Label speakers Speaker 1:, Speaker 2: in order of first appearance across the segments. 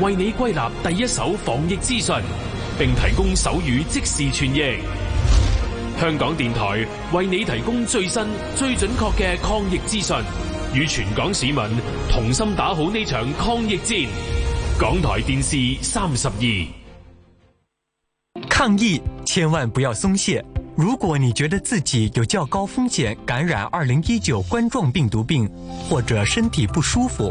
Speaker 1: 為你歸納第一手防疫資訊，並提供手語即時傳譯。香港電台為你提供最新、最準確嘅抗疫資訊，與全港市民同心打好呢場抗疫戰。港台電視三十二，
Speaker 2: 抗疫千萬不要鬆懈。如果你覺得自己有較高風險感染二零一九冠狀病毒病，或者身體不舒服。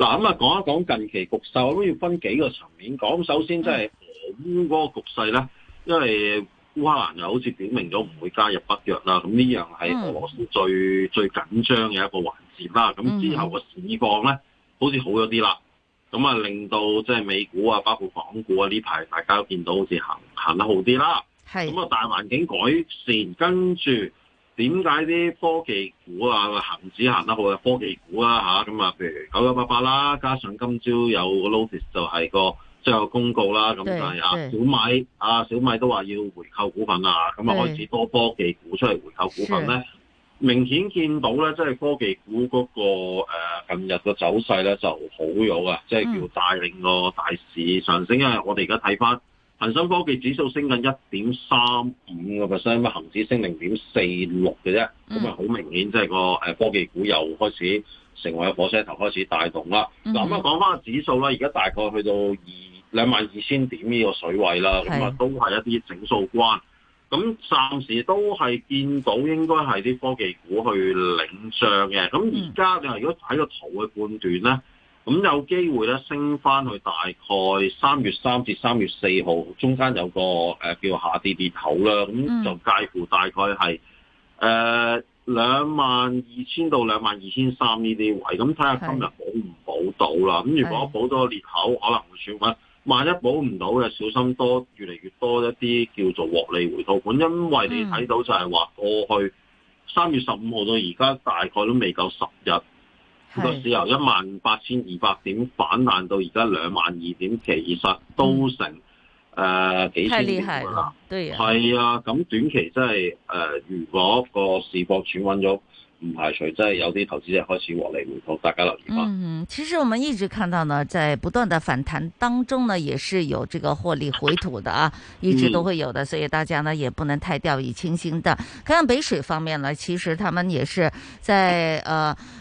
Speaker 3: 嗱咁啊，講一講近期局勢，我都要分幾個層面講。首先即係俄烏嗰個局勢咧，因為烏克蘭又好似表明咗唔會加入北約啦，咁呢樣係俄羅斯最、嗯、最緊張嘅一個環節啦。咁之後個市況咧，好似好咗啲啦，咁啊令到即係美股啊，包括港股啊，呢排大家都見到好似行行得好啲啦。係咁啊，大環境改善，跟住。點解啲科技股啊，恒指行得好啊，科技股啦吓，咁啊，譬如九九八八啦，加上今朝有 Lotus 是個 Notice 就係、是、個最後公告啦，咁啊，小米啊，小米都話要回購股份啊，咁啊，開始多科技股出嚟回購股份咧，明顯見到咧，即、就、係、是、科技股嗰、那個誒、啊、近日個走勢咧就好咗啊，即、就、係、是、叫帶領個大市上升因啊，我哋而家睇翻。恒生科技指數升緊一點三五個 percent，咁恆指升零點四六嘅啫，咁啊好明顯，即係個誒科技股又開始成為個火車頭，開始帶動啦。咁啊講翻個指數啦，而家大概去到二兩萬二千點呢個水位啦，咁啊 Mm-hmm. 都係一啲整數關。咁暫時都係見到應該係啲科技股去領漲嘅。咁而家你話如果睇個圖去判斷咧？咁有機會咧，升翻去大概三月三至三月四號中間有個誒、呃、叫下跌裂口啦，咁、mm. 就介乎大概係誒兩萬二千到兩萬二千三呢啲位，咁睇下今日保唔保到啦。咁如果補到裂口，可能會算翻。萬一補唔到嘅，就小心多越嚟越多一啲叫做獲利回吐盤，因為你睇到就係話過去三月十五號到而家大概都未夠十日。個市由一萬八千二百點反彈到而家兩萬二點，其實都成誒、嗯呃、幾千點噶啦，係啊。咁、啊、短期真係誒、呃，如果個市博轉穩咗，唔排除真係有啲投資者開始獲利回吐，大家留意啦。
Speaker 4: 嗯，其實我們一直看到呢，在不斷的反彈當中呢，也是有這個獲利回吐的啊，一直都會有的、嗯，所以大家呢也不能太掉以輕心的。咁樣北水方面呢，其實他們也是在誒。呃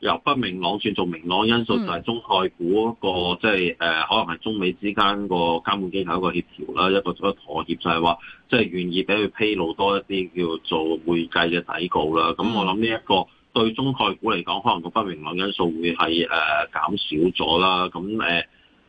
Speaker 3: 由不明朗轉做明朗因素，就係中概股個即係誒，可能係中美之間個監管機構一個協調啦，一個咁嘅妥協就是說，就係話即係願意俾佢披露多一啲叫做會計嘅底稿啦。咁我諗呢一個對中概股嚟講，可能個不明朗因素會係誒、呃、減少咗啦。咁誒。呃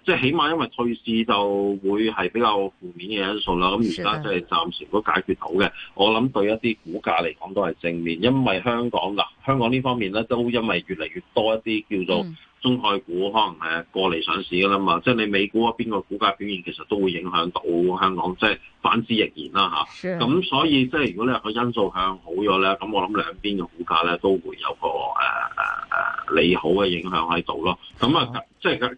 Speaker 3: 即係起碼，因為退市就會係比較負面嘅因素啦。咁而家即係暫時都解決到嘅，我諗對一啲股價嚟講都係正面，因為香港嗱、呃，香港呢方面咧都因為越嚟越多一啲叫做中概股，可能係過嚟上市嘅啦嘛。即係、就是、你美股嗰邊個股價表現其實都會影響到香港，即、就、係、是、反之亦然啦吓。咁所以即係如果你話個因素向好咗咧，咁我諗兩邊嘅股價咧都會有個誒誒利好嘅影響喺度咯。咁啊，即係、就是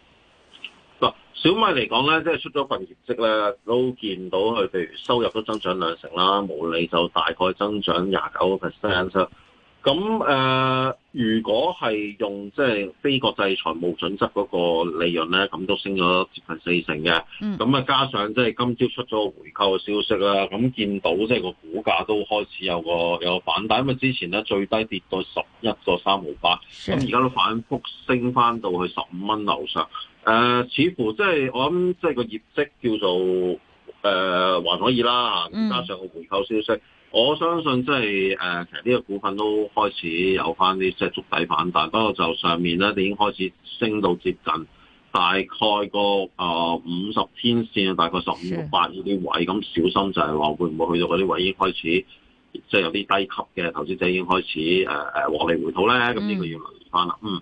Speaker 3: 小米嚟講咧，即係出咗份業績咧，都見到佢譬如收入都增長兩成啦，毛利就大概增長廿九個 percent。咁、呃、誒，如果係用即係、就是、非國際財務準則嗰個利潤咧，咁都升咗接近四成嘅。咁啊，加上即係今朝出咗回購嘅消息啦，咁見到即係個股價都開始有個有個反彈，因為之前咧最低跌到十一個三毫八，咁而家都反覆升翻到去十五蚊樓上。誒、呃，似乎即係、就是、我諗，即係個業績叫做誒還可以啦吓，加、嗯、上個回購消息，我相信即係誒，其實呢個股份都開始有翻啲即係觸底反彈，不過就上面咧，已經開始升到接近大概個誒五十天線，大概十五六八呢啲位，咁小心就係話會唔會去到嗰啲位已經開始即係、就是、有啲低級嘅投資者已經開始誒誒獲利回吐咧，咁、嗯、呢個要留意翻啦，嗯。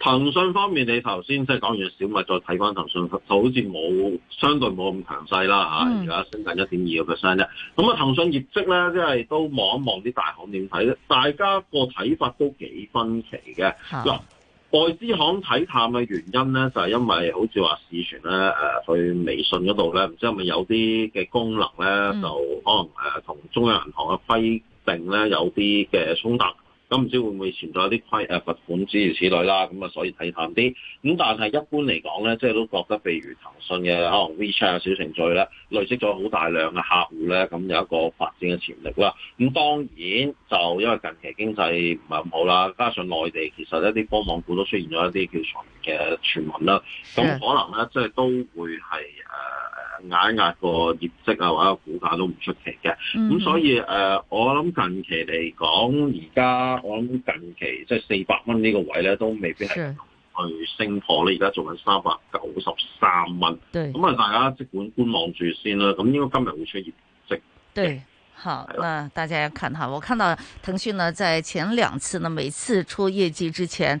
Speaker 3: 騰訊方面，你頭先即係講完小米，再睇翻騰訊，就好似冇相對冇咁強勢啦吓，而家升近一點二個 percent 啫。咁啊，騰訊業績咧，即係都望一望啲大行點睇咧，大家個睇法都幾分歧嘅。嗱、嗯，外資行睇淡嘅原因咧，就係、是、因為好似話市傳咧、呃、去微信嗰度咧，唔知係咪有啲嘅功能咧、嗯，就可能同、呃、中央銀行嘅規定咧有啲嘅衝突。咁唔知會唔會存在一啲虧誒罰款諸如此類啦，咁啊所以睇淡啲。咁但係一般嚟講咧，即係都覺得譬如騰訊嘅可能 WeChat 啊小程序咧，累積咗好大量嘅客戶咧，咁有一個發展嘅潛力啦。咁當然就因為近期經濟唔係咁好啦，加上內地其實一啲光網股都出現咗一啲叫傳嘅傳聞啦，咁可能咧即係都會係誒。呃壓壓個業績啊，或者股價都唔出奇嘅。咁、嗯嗯、所以誒，我諗近期嚟講，而家我諗近期即係四百蚊呢個位咧，都未必係去升破咧。而家做緊三百九十三蚊。對，咁啊，大家即管觀望住先啦。咁應該今日會出業績。對，
Speaker 4: 好。那大家要看下，我看到騰訊呢，在前兩次呢，每次出業績之前。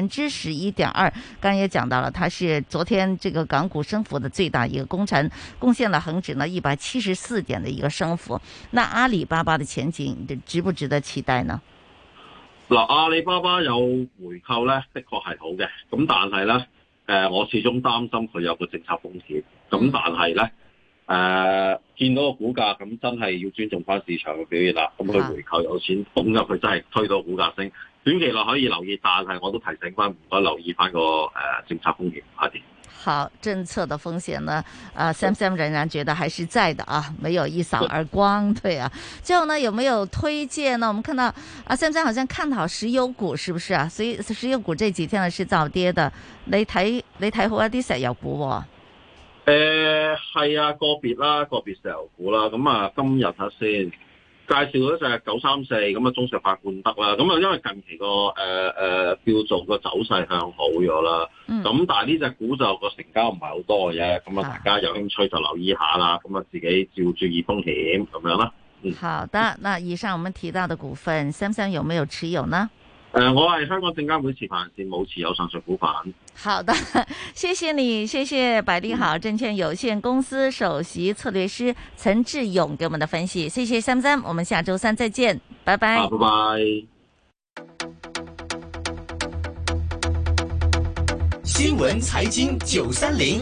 Speaker 4: 百分之十一點二，剛才也講到了，它是昨天這個港股升幅的最大一個功臣，貢獻了恒指呢一百七十四點的一個升幅。那阿里巴巴的前景值不值得期待呢？
Speaker 3: 嗱、啊，阿里巴巴有回購呢，的確係好嘅。咁但係呢，誒、呃，我始終擔心佢有個政策風險。咁但係呢，誒、呃，見到個股價咁真係要尊重翻市場嘅表現啦。咁佢回購有錢、啊、捧咗佢，真係推到股價升。短期內可以留意，但係我都提醒翻唔該留意翻個誒政策風險方面。
Speaker 4: 好，政策的風險呢？啊，Sam Sam 仍然覺得還是在的啊，沒有一掃而光，對啊。最後呢，有沒有推薦呢？我們看到啊，Sam Sam 好像看好石油股，是不是啊？所以石油股這幾天係是造跌的，你睇你睇好一啲石油股。誒、
Speaker 3: 呃，係啊，個別啦，個別石油股啦。咁啊，今日睇、啊、先。介紹一隻九三四咁啊，中石化冠德啦，咁啊，因為近期個誒誒叫做個走勢向好咗啦，咁、嗯、但係呢隻股就個成交唔係好多嘅，咁啊，大家有興趣就留意下啦，咁啊，自己照注意風險咁樣啦。嗯，好
Speaker 4: 的，那以上我們提到的股份，岑生有沒有持有呢？
Speaker 3: 呃、我係香港證監會持牌人士，冇持有上述股份。
Speaker 4: 好的，謝謝你，謝謝百利好、嗯、證券有限公司首席策略師岑智勇給我們的分析。謝謝三三，我們下周三再見，拜拜，啊拜，拜，啊、
Speaker 5: 拜拜。新聞財經九三零。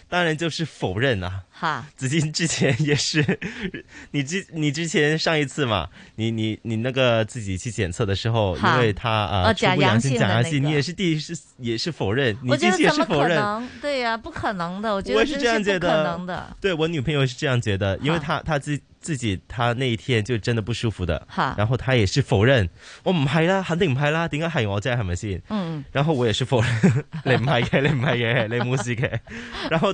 Speaker 6: 當然就是否認呐、啊！
Speaker 4: 哈，
Speaker 6: 子矜之前也是，你之你之前上一次嘛，你你你那個自己去檢測的時候，因為他呃，啊出陽性，陽性，你也是第一是也是否認，你之前也是否認？
Speaker 4: 對呀、啊，不可能的，我覺得這是不可能的。我
Speaker 6: 對我女朋友是這樣覺得，因為她她自自己她那一天就真的不舒服的，哈。然後她也是否認，我唔係啦，肯定唔係啦，點解係我啫？係咪先？嗯嗯。然後我也是否認，你唔係嘅，你唔係嘅，你冇事嘅。 然後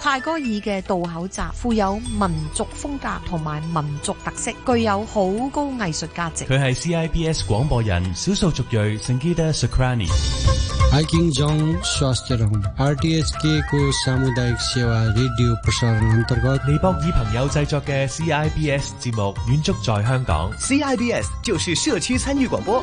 Speaker 5: 泰戈爾嘅渡
Speaker 7: 口集富有
Speaker 5: 民族風格
Speaker 7: 同埋民族特色，具有好高藝術價值。佢
Speaker 2: 係 cibs 廣播人少數族裔 sanjita sakrani 李 博爾朋友製作嘅 cibs 節目《遠足在香港》。
Speaker 5: cibs 就是社區參與廣播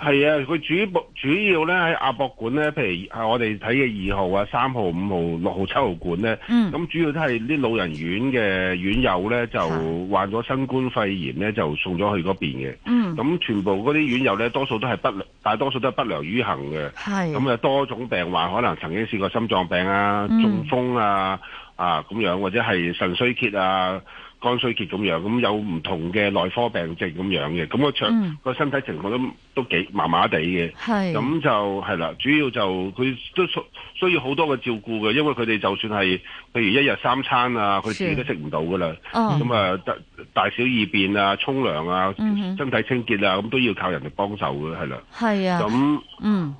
Speaker 8: 係啊，佢主主要咧喺亞博館咧，譬如係我哋睇嘅二號啊、三號、五號、六號、七號館咧，咁、嗯、主要都係啲老人院嘅院友咧，就患咗新冠肺炎咧，就送咗去嗰邊嘅。咁、嗯、全部嗰啲院友咧，多數都係不良，大多數都係不良於行嘅。咁啊，多種病患可能曾經試過心臟病啊、中風啊、嗯、啊咁樣，或者係腎衰竭啊。肝衰竭咁樣，咁有唔同嘅內科病症咁樣嘅，咁、個長個、嗯、身體情況都都幾麻麻地嘅，咁就係啦。主要就佢都需需要好多嘅照顧嘅，因為佢哋就算係譬如一日三餐啊，佢自己都食唔到噶啦。咁啊、oh.，大小二便啊、沖涼啊、嗯、身體清潔啊，咁都要靠人哋幫手嘅，係啦。係啊。咁嗯。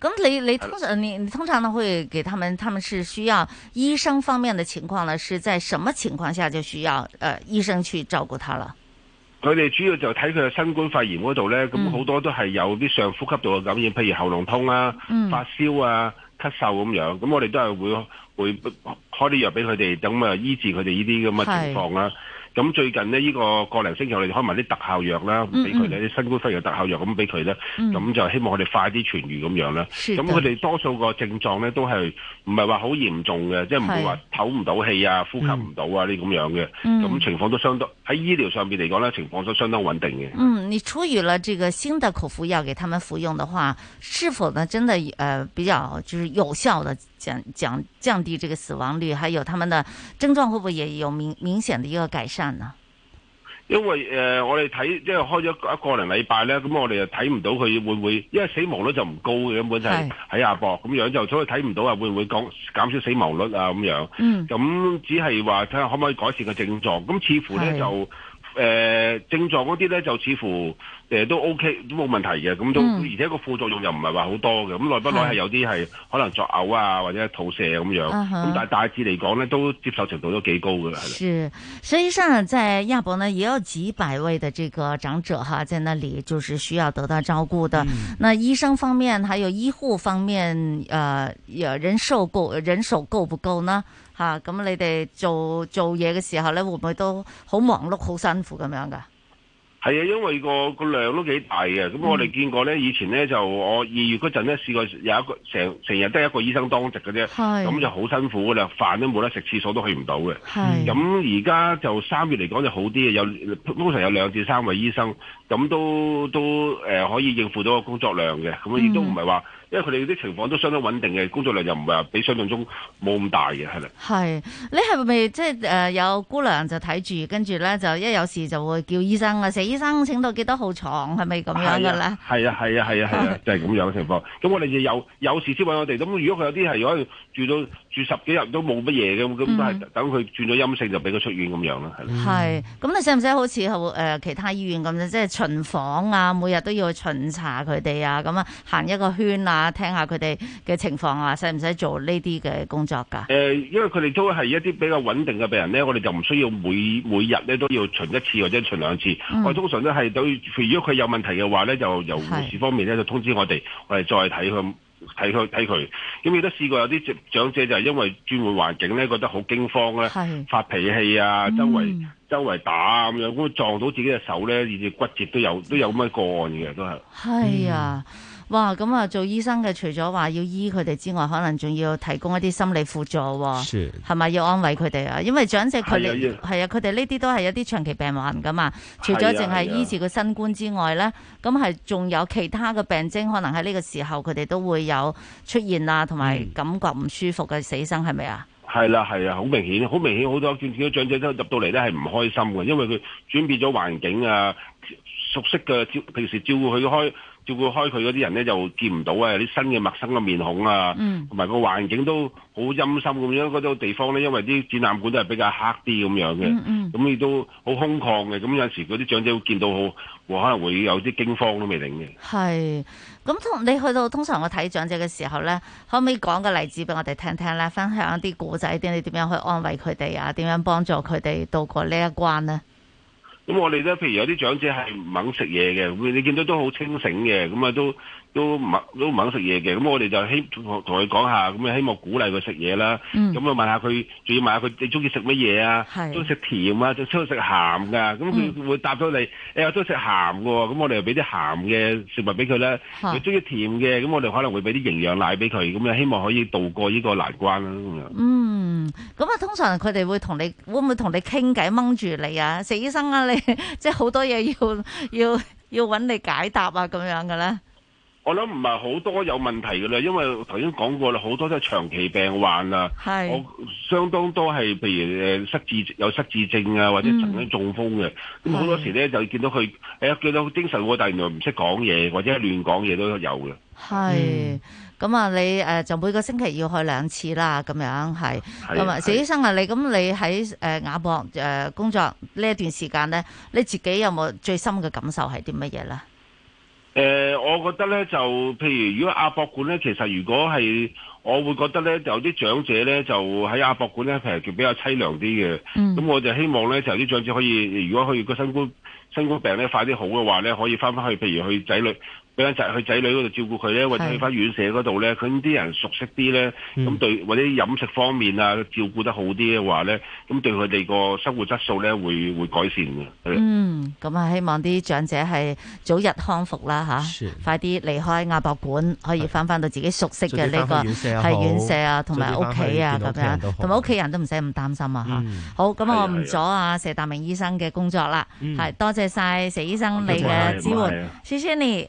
Speaker 4: 咁你你通常你你通常呢會給他們，他們是需要醫生方面的情況呢？是在什麼情況下就需要，呃，醫生去照顧他啦？
Speaker 8: 佢哋主要就睇佢嘅新冠肺炎嗰度呢，咁好多都係有啲上呼吸道嘅感染，譬、嗯、如喉嚨痛啊、發燒啊、咳嗽咁樣，咁我哋都係會會開啲藥俾佢哋，等啊醫治佢哋呢啲咁嘅情況啦、啊。咁最近呢，呢個個零星期我哋開埋啲特效藥啦，唔俾佢呢啲新冠肺炎特效藥咁俾佢咧，咁、嗯、就希望佢哋快啲痊愈咁樣啦。咁佢哋多數個症狀咧都係唔係話好嚴重嘅，即係唔會話唞唔到氣啊、嗯、呼吸唔到啊呢咁樣嘅。咁、嗯、情況都相當喺醫療上邊嚟講咧，情況都相當穩定嘅。嗯，
Speaker 4: 你出於了這個新的口服藥給他們服用的話，是否呢？真的呃比較就是有效的？講降低這個死亡率，還有他們的症狀，會不會也有明明顯的一個改善呢？
Speaker 8: 因為誒、呃，我哋睇即係開咗一個零禮拜咧，咁我哋又睇唔到佢會唔會，因為死亡率就唔高嘅，根本就係喺亞博咁樣，就所以睇唔到啊，會唔會講減少死亡率啊咁樣？咁、嗯、只係話睇下可唔可以改善個症狀，咁似乎咧就。誒、呃、症狀嗰啲咧就似乎、呃、都 OK 都冇問題嘅，咁、嗯、都而且個副作用又唔係話好多嘅，咁耐不耐係有啲係可能作嘔啊或者吐瀉咁樣，咁、啊、但係大致嚟講呢，都接受程度都幾高嘅。是，
Speaker 4: 實際上在在亞博呢，也有幾百位的這個長者哈，在那裏就是需要得到照顧的、嗯。那醫生方面，還有醫護方面，呃，人手夠，人手夠唔夠呢？吓、啊，咁你哋做做嘢嘅時候咧，會唔會都好忙碌、好辛苦咁樣噶？
Speaker 8: 係啊，因為個個量都幾大嘅。咁、嗯、我哋見過咧，以前咧就我二月嗰陣咧試過有一個成成日得一個醫生當值嘅啫，咁就好辛苦噶啦，飯都冇得食，廁所都去唔到嘅。咁而家就三月嚟講就好啲嘅，有通常有兩至三位醫生，咁都都誒、呃、可以應付到個工作量嘅，咁亦都唔係話。嗯即係佢哋啲情況都相當穩定嘅，工作量又唔係話比想象中冇咁大嘅，係咪？
Speaker 4: 係，你係咪即係誒有姑娘就睇住，跟住咧就一有事就會叫醫生啊？佘醫生請到幾多號牀係咪咁樣噶啦？
Speaker 8: 係啊，係啊，係啊，係啊，啊，啊，啊，就係、是、咁樣嘅情況。咁 我哋就有有事先揾我哋。咁如果佢有啲係可以住到。住十幾日都冇乜嘢嘅，咁都係等佢轉咗陰性就俾佢出院咁樣啦。係，
Speaker 4: 咁你使唔使好似後誒其他醫院咁咧？即係巡房啊，每日都要巡查佢哋啊，咁啊行一個圈啊，聽下佢哋嘅情況啊，使唔使做呢啲嘅工作㗎？誒，
Speaker 8: 因為佢哋都係一啲比較穩定嘅病人咧，我哋就唔需要每每日咧都要巡一次或者巡兩次。嗯、我通常都係等，如果佢有問題嘅話咧，就由護士方面咧就通知我哋，我哋再睇佢。睇佢睇佢，咁亦都試過有啲長者就因為轉換環境咧，覺得好驚慌咧，發脾氣啊，周圍、嗯、周圍打咁樣，咁撞到自己隻手咧，甚至骨折都有都有咩個案嘅，都係。係啊。
Speaker 4: 嗯哇，咁啊，做醫生嘅除咗話要醫佢哋之外，可能仲要提供一啲心理輔助，係咪要安慰佢哋啊？因為長者佢哋係啊，佢哋呢啲都係一啲長期病患㗎嘛。除咗淨係醫治個新冠之外咧，咁係仲有其他嘅病徵，可能喺呢個時候佢哋都會有出現啊，同埋感覺唔舒服嘅死生係咪啊？
Speaker 8: 係啦，係啊，好明顯，好明顯好多見見到長者都入到嚟咧係唔開心嘅，因為佢轉變咗環境啊，熟悉嘅平時照顧佢開。照顧開佢嗰啲人咧，就見唔到啊！啲新嘅陌生嘅面孔啊，同埋個環境都好陰森咁樣。嗰種地方咧，因為啲展覽館都係比較黑啲咁樣嘅，咁亦都好空曠嘅。咁有時嗰啲長者會見到，好可能會有啲驚慌都未定嘅。
Speaker 4: 係，咁同你去到通常我睇長者嘅時候咧，可唔可以講個例子俾我哋聽聽咧？分享一啲古仔啲你點樣去安慰佢哋啊？點樣幫助佢哋度過呢一關咧？
Speaker 8: 咁我哋咧，譬如有啲長者係唔肯食嘢嘅，你見到都好清醒嘅，咁啊都。都唔都唔肯食嘢嘅，咁我哋就希同佢講下，咁樣希望鼓勵佢食嘢啦。咁、嗯、啊問下佢，仲要問下佢你中意食乜嘢啊？中意食甜啊，仲中意食鹹噶。咁佢會答咗你，誒、嗯哎、我中意食鹹嘅喎。咁我哋又俾啲鹹嘅食物俾佢啦。佢中意甜嘅，咁我哋可能會俾啲營養奶俾佢。咁啊，希望可以渡過呢個難關啦、啊。嗯，
Speaker 4: 咁啊，通常佢哋會同你會唔會同你傾偈，掹住你啊？食醫生啊，你即係好多嘢要要要揾你解答啊，咁樣嘅咧。
Speaker 8: 我諗唔係好多有問題噶啦，因為頭先講過啦，好多都係長期病患啊，我相當多係譬如誒失智，有失智症啊，或者曾經中風嘅。咁好多時咧就見到佢誒，見到好精神喎，但係原來唔識講嘢或者亂講嘢都有嘅。
Speaker 4: 係。咁啊你誒就每個星期要去兩次啦，咁樣係。咁啊，佘醫生啊，你咁你喺誒亞博誒工作呢一段時間咧，你自己有冇最深嘅感受係啲乜嘢咧？
Speaker 8: 誒、呃，我覺得咧就，譬如如果亞博館咧，其實如果係，我會覺得咧就有啲長者咧就喺亞博館咧，其實比較凄涼啲嘅。咁、嗯、我就希望咧，就有啲長者可以，如果去個個新冠新冠病咧快啲好嘅話咧，可以翻返去，譬如去仔女。俾翻侄去仔女嗰度照顧佢咧，或者去翻院舍嗰度咧，佢啲人熟悉啲咧，咁、嗯、對或者飲食方面啊，照顧得好啲嘅話咧，咁對佢哋個生活質素咧會會改善嘅。嗯，
Speaker 4: 咁啊希望啲長者係早日康復啦吓、啊，快啲離開亞博館，可以翻翻到自己熟悉嘅呢、呢個係院舍啊，同埋屋企啊咁樣，同埋屋企人都唔使咁擔心啊吓、嗯啊，好，咁我唔阻阿佘達明醫生嘅工作啦，係、嗯、多謝晒佘醫生你嘅支援。謝謝你。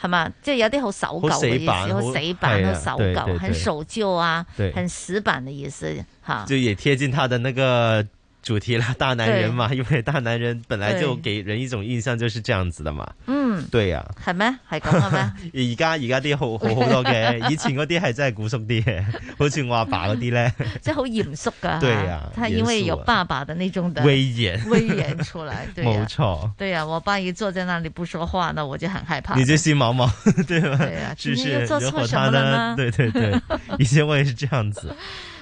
Speaker 4: 係嘛，即係有啲好守舊嘅意思，好死板好守舊，很守舊啊，很，對對對很，啊很死板嘅意思，吓。就
Speaker 6: 也貼近他的那個，主題啦，大男人嘛，因為大男人本來就給人一種印象就是這樣子的嘛。啊、嗯，對 呀。
Speaker 4: 係咩？係咁
Speaker 6: 樣咩？而家而家啲好好多嘅，以 前嗰啲係真係古俗啲嘅， 啊、好似我阿爸嗰啲咧，
Speaker 4: 即係好嚴肅噶。對呀、啊。他因為有爸爸的那種的威嚴 猛丑，威嚴出來。對冇錯。對呀，我爸一坐在那裏不說話，那我就很害怕。你這
Speaker 6: 心毛毛，對嗎？ 對呀、啊。今天又做錯 他呢，麼 對，對對對，以前我也是這樣子。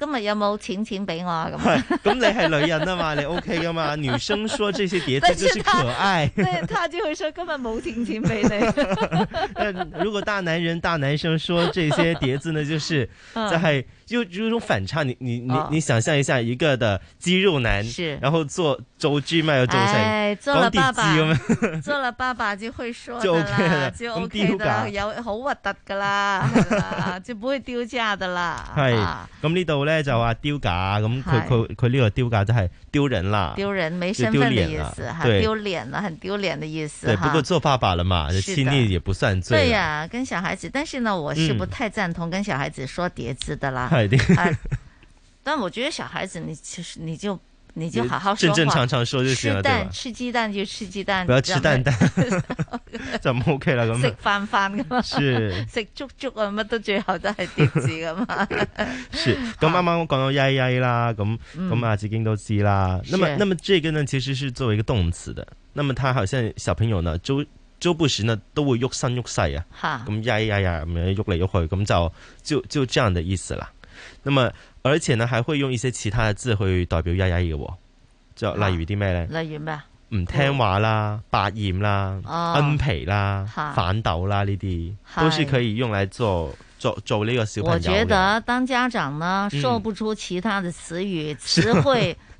Speaker 4: 今日有冇錢錢俾我啊？咁
Speaker 6: 咁 你係女人啊嘛，你 OK 噶嘛？女生說這些疊字就是可愛。即係
Speaker 4: 他只會說今日冇錢錢俾你。 如
Speaker 6: 果大男人大男生說這些疊字，呢，就是就又有一 種反差。你你你你，、哦、你想象一下，一個的肌肉男，然後做周記，賣周做，做，做了爸爸， 做
Speaker 4: 了爸爸就會說就 OK 啦，就 OK 噶，OK 有好核突噶啦，就不會丟架噶啦。係
Speaker 6: 咁呢度咧。 就啊丟架咁、啊，佢佢佢呢個丟架真係丟人啦，丟人沒身份的意思，哈，丟
Speaker 4: 臉啦，很丟臉的意思。不過做
Speaker 6: 爸爸了嘛，心裡也不算罪。對呀、
Speaker 4: 啊，跟小孩子，但是呢，我是不太贊同跟小孩子說疊字的啦。嗯啊、對 但我覺得小孩子，你其實你就。你就好好說正正常常說就行了，吃蛋對吧？吃雞蛋就吃雞蛋，不要吃蛋蛋。
Speaker 6: 怎麼 OK 了？食
Speaker 4: 飯飯是食粥粥啊，乜都最後都係跌字噶嘛。
Speaker 6: 是，咁啱啱我講到「曳曳」啦，咁咁啊，子矜都知啦。那麼那麼這個呢，其實是作為一個動詞的。那麼他好像小朋友呢，周周不時呢都會喐身喐勢啊。哈、 嗯，咁「曳曳」呀咁樣喐嚟喐去，咁 就就就這樣的意思啦。那麼。而且呢，還會用一些其他嘅字去代表曳曳嘅、哦，就例如啲咩呢、啊？
Speaker 4: 例如咩？
Speaker 6: 唔聽話啦，百厭啦，啊、奀皮啦、啊，反斗啦，呢啲、啊、都是可以用來做做做呢個小朋友的。我覺得
Speaker 4: 當家長呢，說不出其他的詞語、嗯、詞彙。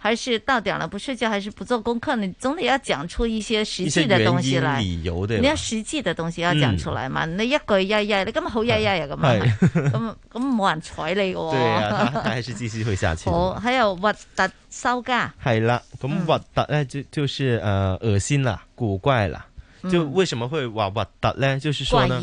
Speaker 4: 還是到點了不睡覺，還是不做功課，你總得要講出一些實際的東西來。
Speaker 6: 理由你要實
Speaker 4: 際的東西要講出來嘛、嗯？你一句「日日，你今日好日日啊，咁、
Speaker 6: 嗯、
Speaker 4: 嘛，咁咁冇人睬你嘅、嗯嗯嗯 嗯嗯。對啊，他
Speaker 6: 還是繼續會下去。 好，
Speaker 4: 還有核突收價。
Speaker 6: 係 啦、嗯，咁核突咧就就是呃惡心啦，古怪啦。就、嗯嗯、為什麼會話核突咧？就是說呢。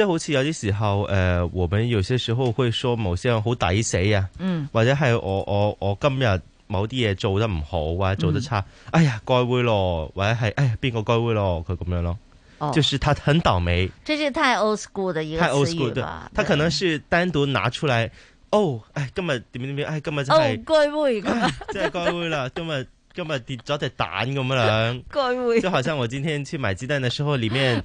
Speaker 6: 即係好似有啲時候，誒、呃，我們有些時候會說某些人好抵死啊，嗯、或者係我我我今日某啲嘢做得唔好啊，做得差，嗯、哎呀，該會咯，或者係哎呀，邊個該會咯，佢咁樣咯、哦，就是他很倒霉，
Speaker 4: 這是太 old school 的一個思維嘛，
Speaker 6: 他可能是單獨拿出來，哦，哎，今日點點點，哎，今日、哎、真係，哦，
Speaker 4: 該會啦，真係該
Speaker 6: 會啦，今日今日跌咗隻蛋咁樣，該 會，就好像我今天去買雞蛋的時候，裏面。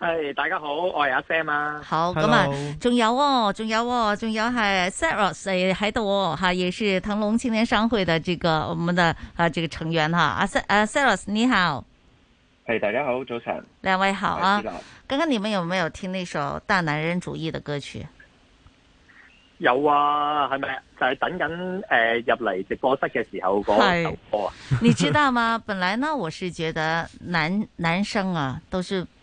Speaker 7: 係、hey, 大家好，我係阿 Sam 啊。好咁啊，
Speaker 4: 仲有哦，仲有哦，仲有係 ZeLos 誒喺度吓，也是騰龍青年商會的這個我們的啊這個成員哈。阿、啊、S 阿 ZeLos 你好，係、
Speaker 7: hey, 大家好，早晨。兩位好啊，
Speaker 4: 剛剛你們有沒有聽那首大男人主義的歌曲？
Speaker 7: 有啊，係咪就係、是、等緊誒入嚟直播室嘅時候嗰首歌。哦、hey.
Speaker 4: 你知道嗎？本來呢，我是覺得男男生啊都是。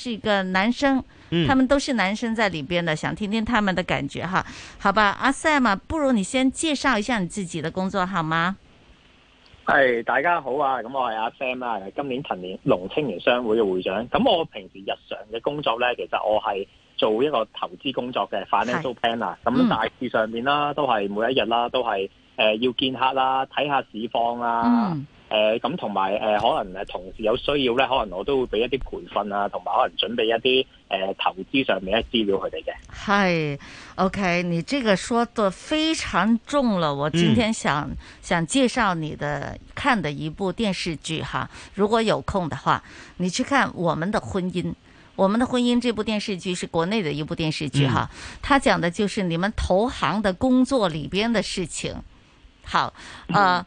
Speaker 4: 是一個男生，他們都是男生在裏邊的、嗯，想聽聽他們的感覺哈，好吧，阿、啊、Sam，不如你先介紹一下你自己的工作好嗎？
Speaker 7: 係，大家好啊，咁我係阿 Sam 啊，今年騰龍青年商會嘅會長，咁我平時日常嘅工作咧，其實我係做一個投資工作嘅 financial planner，咁大致上面啦，都係每一日啦，都係誒、呃、要見客啦，睇下市況啦。嗯誒、呃，咁同埋誒，可能誒同事有需要咧，可能我都會俾一啲培訓啊，同埋可能準備一啲誒、呃、投資上面嘅資料佢哋嘅。
Speaker 4: 係、hey，OK，你這個說得非常重了。我今天想、嗯、想介紹你的看的一部電視劇哈，如果有空的話，你去看《我們的婚姻》。我們的婚姻這部電視劇是國內的一部電視劇、嗯、哈，它講的就是你們投行的工作裏邊的事情。好，啊、呃。嗯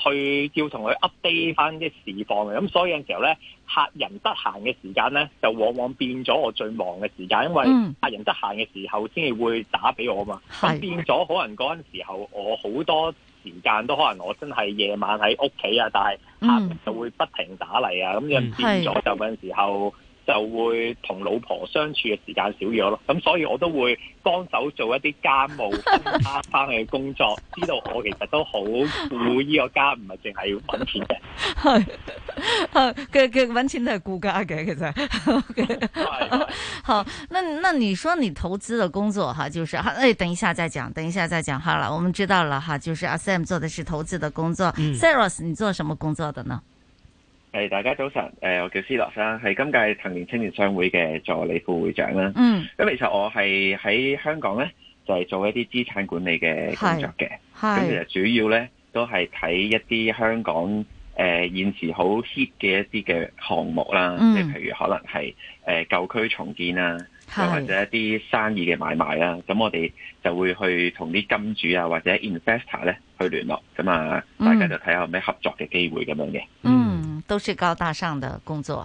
Speaker 7: 去要同佢 update 翻啲事況嘅，咁所以有陣時候咧，客人得閒嘅時間咧，就往往變咗我最忙嘅時間，因為客人得閒嘅時候先至會打俾我啊嘛，咁變咗可能嗰陣時候我好多時間都可能我真係夜晚喺屋企啊，但係客人就會不停打嚟啊，咁樣變咗就嗰陣時候。就會同老婆相處嘅時間少咗咯，咁所以我都會幫手做一啲家務，翻翻去工作， 知道我其實都好顧呢個家，唔係淨係揾錢嘅。
Speaker 4: 係， 佢佢揾錢都係顧家嘅，其實。好，那那你說你投資嘅工作哈，就是，誒、哎，等一下再講，等一下再講，好了，我們知道了哈，就是阿 Sam 做的是投資的工作，mm.，ZeLos 你做什麼工作的呢？
Speaker 7: 係、hey，大家早晨，誒，我叫 ZeLos，係今屆騰龍青年商會嘅助理副會長啦。嗯，咁其實我係喺香港咧，就係、是，做一啲資產管理嘅工作嘅。係咁其實主要咧都係睇一啲香港誒、呃、現時好 hit 嘅一啲嘅項目啦，即係譬如可能係誒舊區重建啊。或者一啲生意嘅買賣啦，咁我哋就會去同啲金主啊或者 investor 咧去聯絡，咁啊，大家就睇下有咩合作嘅機會咁樣嘅。嗯，
Speaker 4: 都是高大上的工作。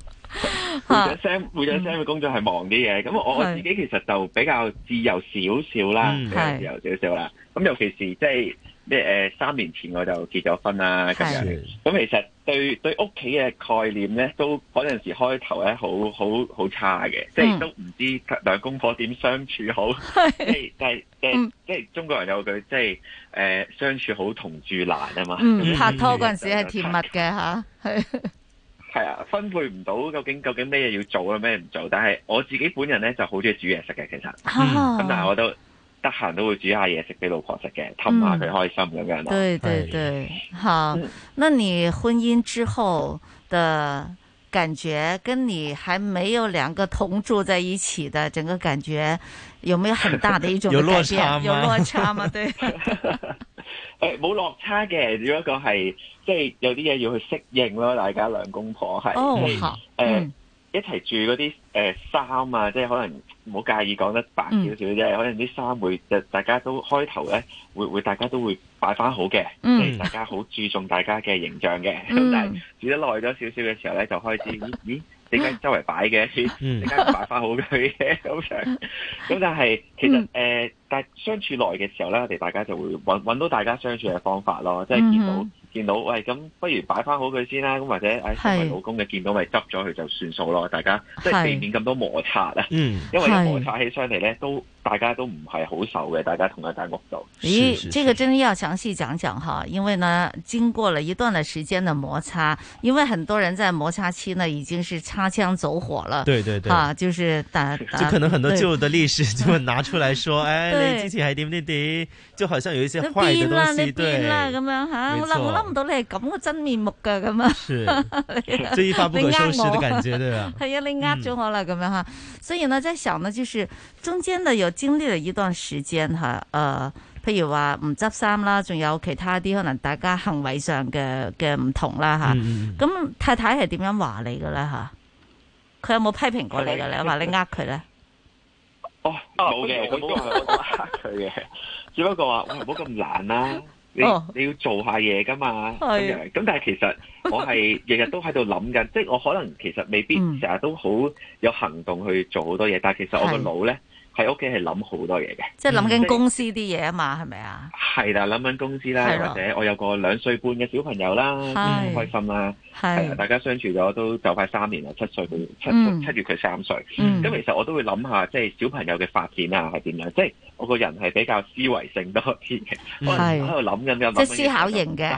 Speaker 7: 負責 sam 負責 sam 嘅工作係忙啲嘢，咁我我自己其實就比較自由少少啦，嗯、自由少少啦。咁尤其是即係咩，誒，即係、呃、三年前我就結咗婚啦，咁樣。咁其實對對屋企嘅概念咧，都嗰陣時開頭咧，好好好差嘅，即、嗯、係、即係、都唔知兩公婆點相處好，即係即係即係中國人有句即係誒相處好同住難啊嘛嗯。嗯，拍拖嗰陣時係甜
Speaker 4: 蜜嘅吓。啊
Speaker 7: 係啊，分配唔到，究竟究竟咩嘢要做啦，咩嘢唔做？但係我自己本人咧就好中意煮嘢食嘅，其實咁、啊嗯、但係我都得閒都會煮下嘢食俾老婆食嘅，氹下佢開心咁、嗯、樣。對對
Speaker 4: 對，好、嗯。那你婚姻之後的感覺，跟你還沒有兩個同住在一起的整個感覺，有沒有很大的一種落
Speaker 7: 差？有落差嘛？ 對。 誒、呃，冇落差嘅，只不過係即係有啲嘢要去適應咯。大家兩公婆係，誒、oh, 呃，嗯，一齊住嗰啲誒衫啊，即係可能唔好介意講得白少少啫。可能啲衫會，就大家都開頭咧，會會大家都會擺翻好嘅。嗯，即係、大家好注重大家嘅形象嘅。嗯，但
Speaker 9: 係
Speaker 7: 住得耐咗少少嘅時候咧，就開始咦咦。 點解周圍擺嘅？點解唔擺翻好佢嘅咁樣？咁 但係其實誒、呃，但係相處耐嘅時候咧，我哋大家就會揾揾到大家相處嘅方法咯，即係見到。見到喂咁，不如擺翻好佢先啦。咁或者誒，作、哎、為老公嘅見到咪執咗佢就算數咯。大家即係避免咁多摩擦啊、嗯。因為摩擦起上嚟咧，都大家都唔係好受嘅。大家同一間屋度。咦，這個
Speaker 4: 真係要詳細講講嚇，因為呢經過了一段時間的摩擦，因為很多人在摩擦期呢，已經是擦槍走火了。對對對啊，就是 就可能很多舊
Speaker 6: 的歷史就拿出嚟說，誒、 哎，你之前係點點點，就好像有一些壞嘅東西。你你對咁
Speaker 4: 樣、啊諗唔到你係咁嘅真面目噶咁啊！哈哈，即係一發不可收拾的感覺，對啊。係啊，你呃咗我啦咁、嗯、樣吓，所以呢，即係時候呢，就是中間呢，又經歷咗一段時間吓，誒、呃，譬如話唔執衫啦，仲有其他啲可能大家行為上嘅嘅唔同啦吓。咁、啊嗯、太太係點樣話你噶咧吓？佢有冇批評過你噶？ 你話你呃佢咧？ 哦，冇、啊、嘅，佢 唔、啊、好
Speaker 7: 呃佢嘅，只不過話唔好咁懶啦。你你要做下嘢㗎嘛，咁樣。咁但係其實我係日日都喺度諗緊， 即係我可能其實未必成日都好有行動去做好多嘢，嗯、但係其實我個腦咧。喺屋企係諗好多嘢嘅，即係諗
Speaker 4: 緊公司啲嘢啊嘛，係咪啊？
Speaker 7: 係啦，諗緊公司啦，或者我有個兩歲半嘅小朋友啦，開心啦，
Speaker 9: 係啊，大
Speaker 7: 家相處咗都就快三年啦，七歲，七、嗯、七月佢三歲，咁、嗯嗯、其實我都會諗下，即、就、係、是、小朋友嘅發展啊，係點樣？即、就、係、是、我個人係比較思維性多啲嘅，我喺度諗緊，諗緊。即係思考型嘅，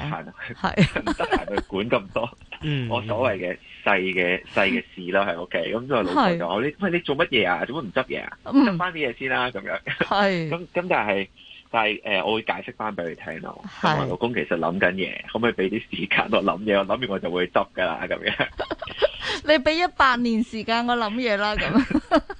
Speaker 7: 係唔得閒去管咁多、 嗯，我所謂嘅。細嘅細嘅事啦，喺屋企，咁就老細就話你喂你做乜嘢啊？做乜唔執嘢啊？執翻啲嘢先啦，咁樣。係咁咁， 但係。但係、呃、我會解釋翻俾你聽咯。同埋老公其實諗緊嘢，可唔可以俾啲時間我諗嘢？我諗完我就會執噶啦咁樣。
Speaker 4: 你俾一百年時間我諗嘢啦咁。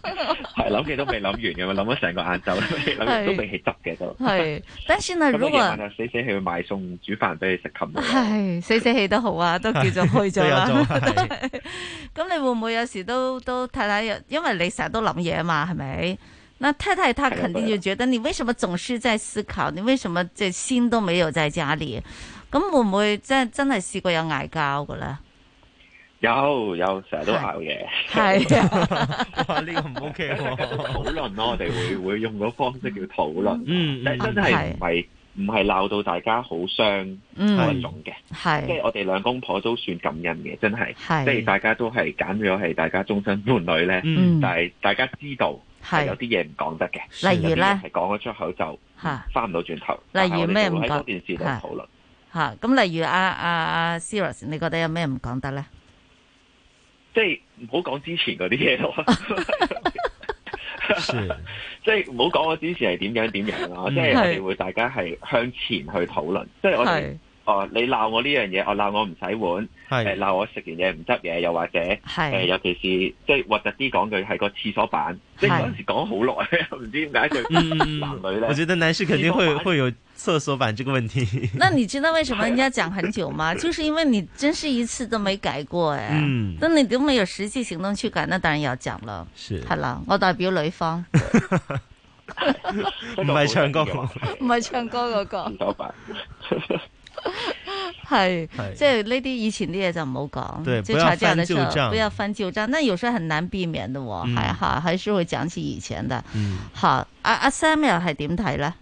Speaker 7: 係，諗嘅都未諗完嘅，我諗咗成個晏晝，諗 都未起執嘅都。係 。
Speaker 4: 但算啦，如果 s e 啊。咁
Speaker 7: 死死去買餸煮飯俾你食冚。係，
Speaker 4: 死死氣都好啊，都叫
Speaker 7: 做去咗。啦
Speaker 4: 咁 都是 你會唔會有時都都睇睇？因為你成日都諗嘢啊嘛，係咪？那太太，她肯定就覺得你為什麼總是在思考，你為什麼這心都沒有在家裏？咁會唔會真係真係試過有嗌交嘅咧？
Speaker 7: 有有，成日都拗嘅，係啊，哇呢、 這個唔 OK。討論咯，我哋會 會用嗰個方式去討論，但真係唔係唔係鬧到大家好傷
Speaker 9: 嗰種
Speaker 7: 嘅，係即係我哋兩公婆都算感恩嘅，真係，即係大家都係揀咗係大家終身伴侶咧，但係大家知道。係有啲嘢唔講得嘅，例如咧係講咗出口就翻唔到轉頭。是是是是例如咩唔講，係、啊。吓、
Speaker 4: 啊、咁，例如阿阿阿 ZeLos，你覺得有咩唔講得咧？
Speaker 7: 即係唔好講之前嗰啲嘢咯。即係唔好講我之前係點樣點樣咯、啊。即係我哋會大家係向前去討論。即係我哋。哦，你鬧我呢樣嘢，哦、我鬧我唔洗碗，係鬧、呃、我食完嘢唔執嘢，又或者係、呃，尤其是即係核突啲講句係個廁所板。即係你嗰陣時講好耐，唔知點解就男女、 嗯、我覺得男士肯定會
Speaker 6: 會有廁所板這個問題。
Speaker 4: 那你知道為什麼人家講很久嗎？ 就是因為你真是一次都沒改過誒、哎 嗯，但你都沒有實際行動去改，那當然要講啦。是，好啦，我代表女方，
Speaker 6: 唔 係 唱歌，唔
Speaker 4: 係唱歌個 係， 即係呢啲以前啲嘢就唔好講。對，即係吵架嘅時候，不要翻舊賬。但係有時候很難避免嘅喎、哦，係、嗯、吓，還是會講起以前嘅。吓、嗯，阿阿 Sam 又係點睇咧？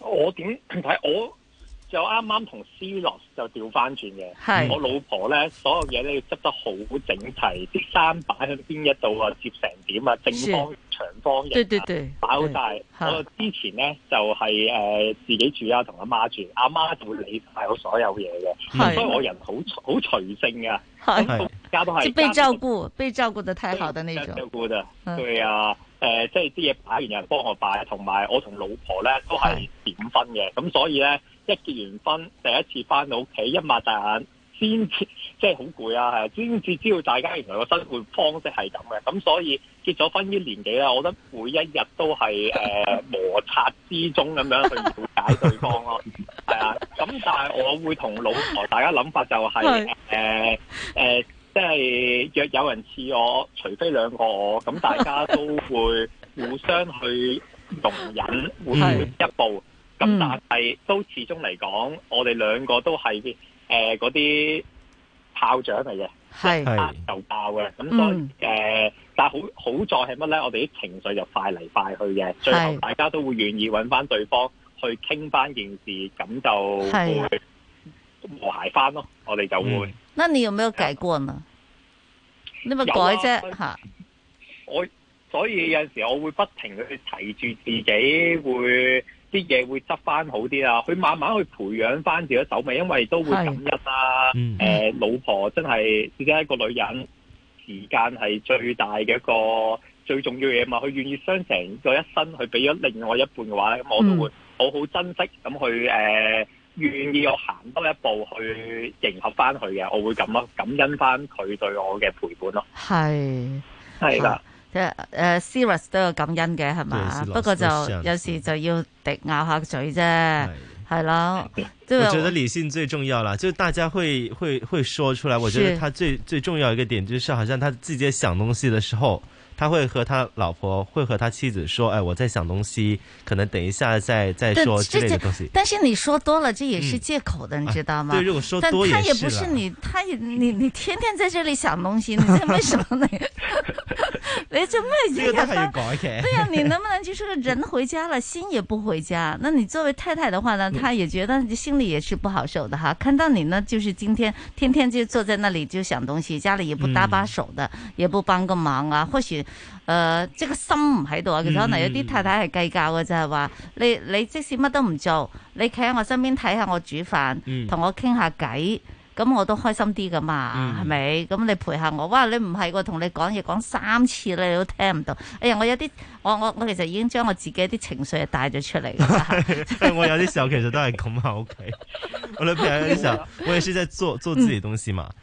Speaker 7: 我點睇？我。就啱啱同 Zelos 就調翻轉嘅。我老婆咧，所有嘢咧要執得好整齊，啲衫擺喺邊一度啊，疊成點啊，正方、長方、對對對，擺好晒。我之前咧就係、是、誒、呃、自己住啊，同阿媽、媽住，阿媽、媽就會理埋我所有嘢嘅，所以我人好好隨性啊，家都係被照
Speaker 4: 顧、被照顧得太好的那種。被照
Speaker 7: 顧的、嗯、啊，對啊，誒，即係啲嘢擺完又幫我擺，同埋我同老婆咧都係點分嘅，咁所以咧。一結完婚，第一次返到屋企，一擘大眼，先至即係好攰啊，係先至知道大家原來個生活方式係咁嘅。咁所以結咗婚呢年紀啦，我覺得每一日都係誒摩擦之中咁樣去瞭解對方咯，係 啊。咁但係我會同老婆大家諗法就係誒誒，即係若有人似我，除非兩個我，咁大家都會互相去容忍，互相一步。咁、嗯、但係都始終嚟講，我哋兩個都係誒嗰啲炮仗嚟嘅，一壓就爆嘅。咁我誒，但係好好在係乜咧？我哋啲情緒就快嚟快去嘅，最後大家都會願意揾翻對方去傾翻件事，咁、啊、就和諧翻咯。我哋就會、嗯。
Speaker 4: 那你有冇有改過呢、嗯、是是改過啊？你咪改啫吓！
Speaker 7: 我所以有陣時候我會不停去提住自己會。啲嘢會執翻好啲啊！佢慢慢去培養翻自己手尾，因為都會感恩啦、啊嗯呃。老婆真係自己一個女人時間係最大嘅一個最重要嘢嘛。佢願意將成個一生去俾咗另外一半嘅話咧，咁、嗯、我都會好好珍惜，咁去誒願意我行多一步去迎合翻佢嘅，我會咁咯，感恩翻佢對我嘅陪伴咯。係係啦。
Speaker 4: 呃誒，serious 都有感恩嘅係嘛？不過就有時就要滴咬一下嘴啫，係咯。我覺得
Speaker 6: 理性最重要啦，就大家會會會說出來。我覺得他最最重要一個點，就是好像他自己在想東西的時候，他會和他老婆會和他妻子說：，哎，我在想東西，可能等一下再再說之類的東西但。但
Speaker 4: 是你說多了，這也是借口的，嗯、你知道嗎、啊？對，如果說多，他也不是你，也是他也你你,你天天在這裏想東西，你為什麼呢？ 哎， 你做咩嘢、個、家 ，
Speaker 6: 對呀、啊，你能不
Speaker 4: 能就是說人回家了，心也不回家？那你作為太太的話呢，他也覺得心裏也是不好受的哈。看到你呢，就是今天天天就坐在那裏就想東西，家裏也不搭把手的，嗯、也不幫個忙啊。或許，呃，這個心唔喺度啊。其實可能有啲太太係計較嘅，就係話你你即使乜都唔做，你企喺我身邊睇下我煮飯，同我傾下偈。嗯 咁我都開心啲㗎嘛，係、嗯、咪？咁你陪下我，哇！你唔係喎，同你講嘢講三次你都聽唔到。哎呀，我有啲，我我我其實已經將我自己一啲情緒啊帶咗出嚟。
Speaker 6: 我有啲時候其實都係咁喺屋企，我女朋友有啲時候我也是在做做自己東西嘛。嗯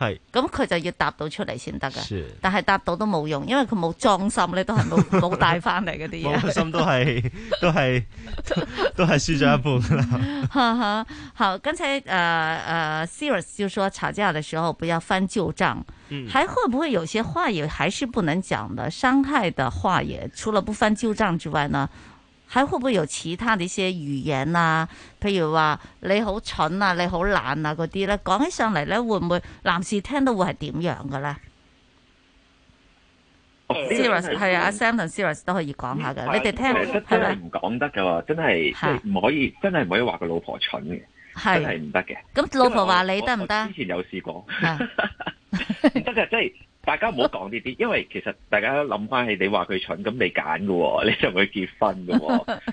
Speaker 6: 係、
Speaker 4: 嗯，咁、嗯、佢就要答到出嚟先得噶。但係答到都冇用，因為佢冇裝心咧，都係冇冇帶翻嚟嗰啲嘢。心 都
Speaker 6: 係都係都係輸咗一半㗎啦。
Speaker 4: 哈哈、嗯 嗯， 好，剛才誒誒、呃呃、，ZeLos 就說吵架嘅時候不要翻舊賬、嗯，還會不會有些話也還是不能講的，傷害的話也，除了不翻舊賬之外呢？喺會唔會有其他啲些語言啊？譬如話你好蠢啊，你好懶啊嗰啲咧，講起上嚟咧，會唔會男士聽到會係點樣嘅咧、
Speaker 7: 嗯、？ZeLos 係、嗯、啊、嗯、
Speaker 4: ，Sam 同 ZeLos 都可以講下㗎。你哋聽係咪唔
Speaker 7: 講得㗎喎？真係唔、即係、可以，真係唔可以話個老婆蠢嘅，真係唔得嘅。咁老婆話你得唔得？之前有試過，唔得嘅真係。 以 大家唔好講呢啲， 因為其實大家諗翻起你話佢蠢，咁未揀噶，你就唔會結婚噶，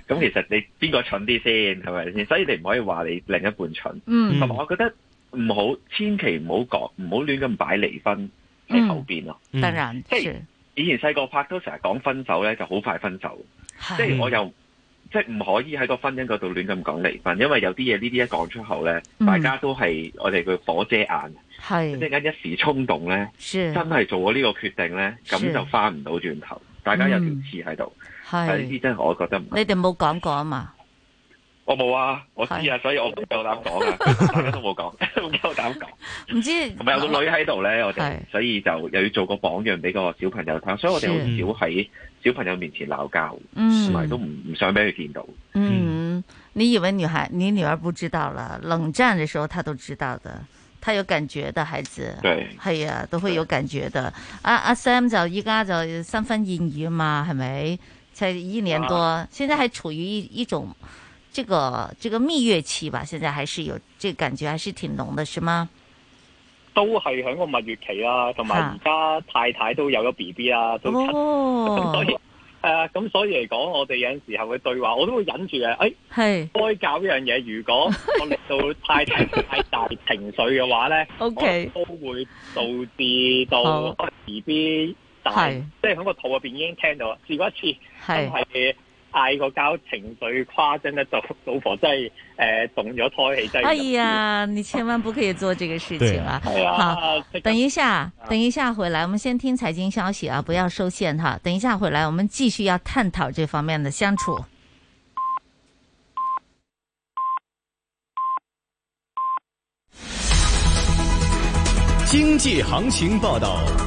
Speaker 7: 咁 其實你邊個蠢啲先，係咪先？所以你唔可以話你另一半蠢，同、嗯、埋、啊、我覺得唔好，千祈唔好講，唔好亂咁擺離婚喺後邊咯。當、嗯、然、嗯，即係、嗯、以前細個拍拖都成日講分手咧，就好快分手。即係我又即係唔可以喺個婚姻嗰度亂咁講離婚，因為有啲嘢呢啲一講出口咧，大家都係我哋佢火遮眼。係即係一一時衝動咧，真係做咗呢個決定咧，咁就返唔到轉頭。大家有條刺喺度，但呢啲真係我覺得唔。你
Speaker 4: 哋冇講過啊嘛？
Speaker 7: 我冇啊，我知啊，所以我唔夠膽講啊， 大家都冇講，唔夠膽講。
Speaker 4: 唔知同
Speaker 9: 埋有個女
Speaker 7: 喺度咧，我哋所以就又要做個榜樣俾個小朋友睇，所以我哋好少喺小朋友面前鬧交，同埋都唔唔想俾佢見到嗯。
Speaker 4: 嗯，你以為女孩，你女兒不知道啦？冷戰嘅時候，佢都知道嘅。他有感覺的孩子，係啊，都會有感覺的。阿阿、啊啊、Sam 就依家就新婚燕爾嘛，係咪？才一年多，啊、現在還處於一一種，這個這個蜜月期吧。現在還是有，這個、感覺還是挺濃的，是嗎？
Speaker 7: 都係響個蜜月期啦，同埋而家太太都有咗 B B 啦，啊，都，咁、哦誒，咁所以嚟講，我哋有陣時候嘅對話，我都會忍住嘅誒，該、哎、搞呢樣嘢，如果我力到太太太 大情緒嘅話咧，O K 都會導致到 B B、oh. 大，即係喺個肚入邊已經聽到，試過一次係。嗌個交情緒誇張得，就老婆真係誒、呃、動咗胎氣真係。哎呀，
Speaker 4: 你千萬不可以做這個事情啊！ 啊好，等一下，等一下回來， 我們先聽財經消息啊，不要收線哈。等一下回來，我們繼續要探討這方面的相處。
Speaker 5: 經濟行情報道。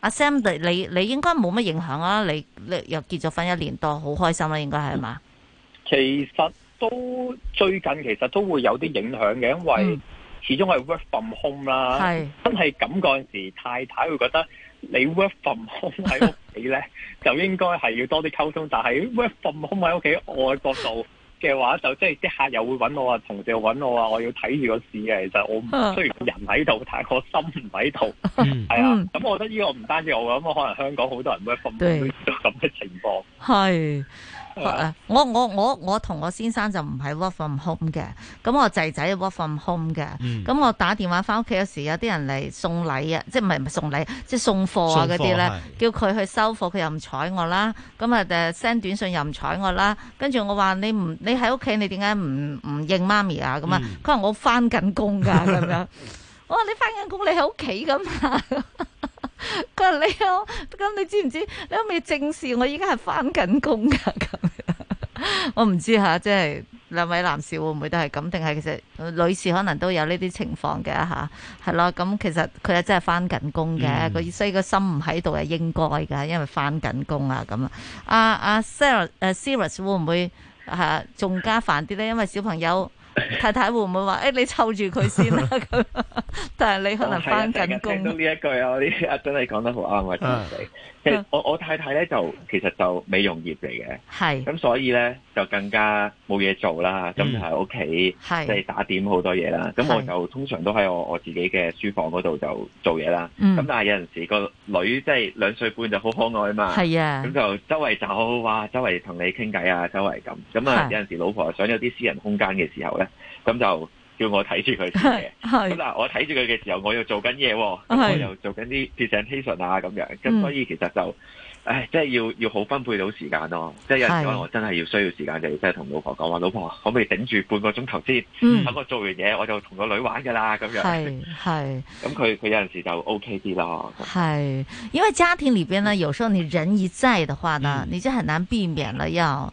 Speaker 4: 阿 Sam，你你你應該冇乜影響啊！你你又結咗婚一年多，好開心啦，應該係嘛？
Speaker 7: 其實都最近其實都會有啲影響嘅，因為始終係 work from home 啦。係真係咁嗰陣時，太太會覺得你 work from home 喺屋企咧， 就應該係要多啲溝通。但係 work from home 喺屋企外國度。 嘅話就即係啲客又會揾我啊，同事揾我啊，我要睇住個市嘅。其實我雖然人喺度、啊，但係我心唔喺度。係、嗯、啊，咁、嗯嗯、我覺得呢個唔單止我諗，可能香港好多人都係咁嘅情況。係。
Speaker 4: 我我我我同我先生就唔係 work from home 嘅，咁我仔仔 work from home 嘅，咁我打電話翻屋企有時，有啲人嚟送禮啊，即係唔係唔送禮，即係送貨啊嗰啲咧，叫佢去收貨，佢又唔睬我啦，咁啊誒 send 短信又唔睬我啦，跟住我話你唔你喺屋企，你點解唔唔應媽咪啊？咁啊，佢話 可能我翻緊工噶咁
Speaker 9: 樣，
Speaker 4: 我話你翻緊工，你喺屋企咁啊佢話你啊，咁你知唔知道？你未正視我依家係翻緊工噶，咁我唔知吓，即係兩位男士會唔會都係咁？定係其實女士可能都有呢啲情況嘅吓，係、啊、咯？咁其實佢係真係翻緊工嘅，嗯、所以個心唔喺度係應該噶，因為翻緊工啊咁啊。阿阿 Sir 誒 Siri 會唔會吓仲、啊、加煩啲咧？因為小朋友。 太太會唔會話誒、欸、你湊住佢先啦咁？ 但係你可能返緊工
Speaker 7: 呢一句啊，阿真係講得好啱啊！真係。我我太太咧就其實就美容業嚟嘅，咁所以咧就更加冇嘢做啦，咁就喺屋企即係打點好多嘢啦。咁我就通常都喺我我自己嘅書房嗰度就做嘢啦。咁、嗯、但係有陣時個女即係兩歲半就好可愛啊嘛，咁、啊、就周圍走哇，周圍同你傾偈啊，周圍咁。咁啊有陣時老婆想有啲私人空間嘅時候咧，咁就。叫我睇住佢先，咁嗱、嗯，我睇住佢嘅時候，我要做緊嘢，我又做緊啲 presentation 啊，咁、嗯、樣，咁所以其實就，唉，即係要要好分配到時間咯，即係有陣時我真係要需要時間，就要真係同老婆講話，老婆可唔可以頂住半個鐘頭先，等我做完嘢，我就同個女玩噶啦，咁樣，係
Speaker 4: 係，
Speaker 7: 咁佢佢有陣時就 OK 啲咯，
Speaker 4: 係，因為家庭裏邊呢，有時候你人一在嘅話呢，嗯、你就很難避免了要。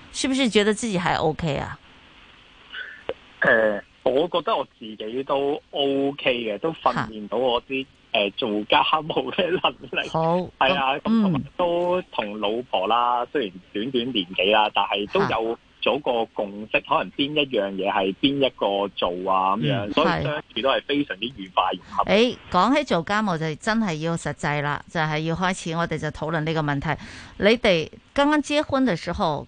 Speaker 4: 是不是覺得自己還 OK 啊？誒、呃，
Speaker 7: 我覺得我自己都 OK 嘅，都訓練到我啲誒、呃、做家務嘅能力。好係啊，咁、嗯嗯、
Speaker 9: 同埋
Speaker 7: 都同老婆啦，雖然短短年紀啦，但係都有咗個共識，可能邊一樣嘢係邊一個做啊咁樣、嗯，所以相處都係非常之愉快融合。誒，
Speaker 4: 講、哎、起做家務就真係要實際啦，就係、是、要開始我哋就討論呢個問題。你哋剛剛結婚的時候。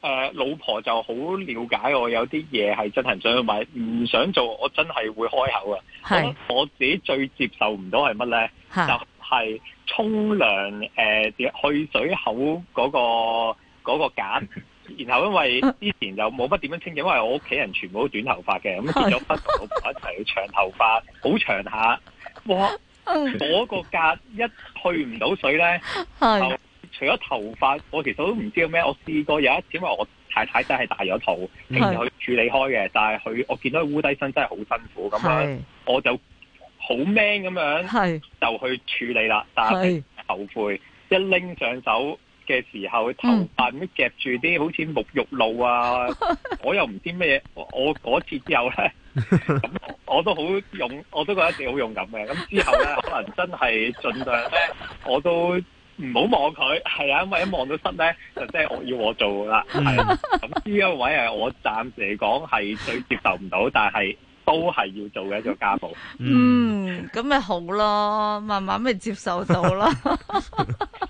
Speaker 7: 誒、呃、老婆就好了解我，有啲嘢係真係唔想去買，唔想做，我真係會開口啊！我我自己最接受唔到係乜咧？就係沖涼，誒、呃、去水口嗰、那個嗰、那個鹼，然後因為之前就冇乜點樣清潔，因為我屋企人全部都短頭髮嘅，咁變咗不同老婆一齊去長頭髮，好 長下，哇 我我個鹼一去唔到水咧。除咗頭髮，我其實都唔知有咩。我試過有一次，因為我太太真係大咗肚，平時去處理開嘅，但係佢我見到佢烏低身真係好辛苦咁樣，我就好 man 咁樣，就去處理啦。但係後悔一拎上手嘅時候，頭髮咁夾住啲、嗯、好似沐浴露啊， 我又唔知咩嘢。我嗰次之後咧， 我都好勇，我都覺得自己好勇敢嘅。咁之後咧，可能真係盡量咧，我都。.唔好望佢，係啊，因為一望到身咧，就即、是、係我要我做啦。咁、嗯、呢、嗯、一位係我暫時嚟講係最接受唔到，但係都係要做嘅一種家務。嗯，
Speaker 4: 咁、嗯、咪、嗯、好咯，慢慢咪接受到咯.。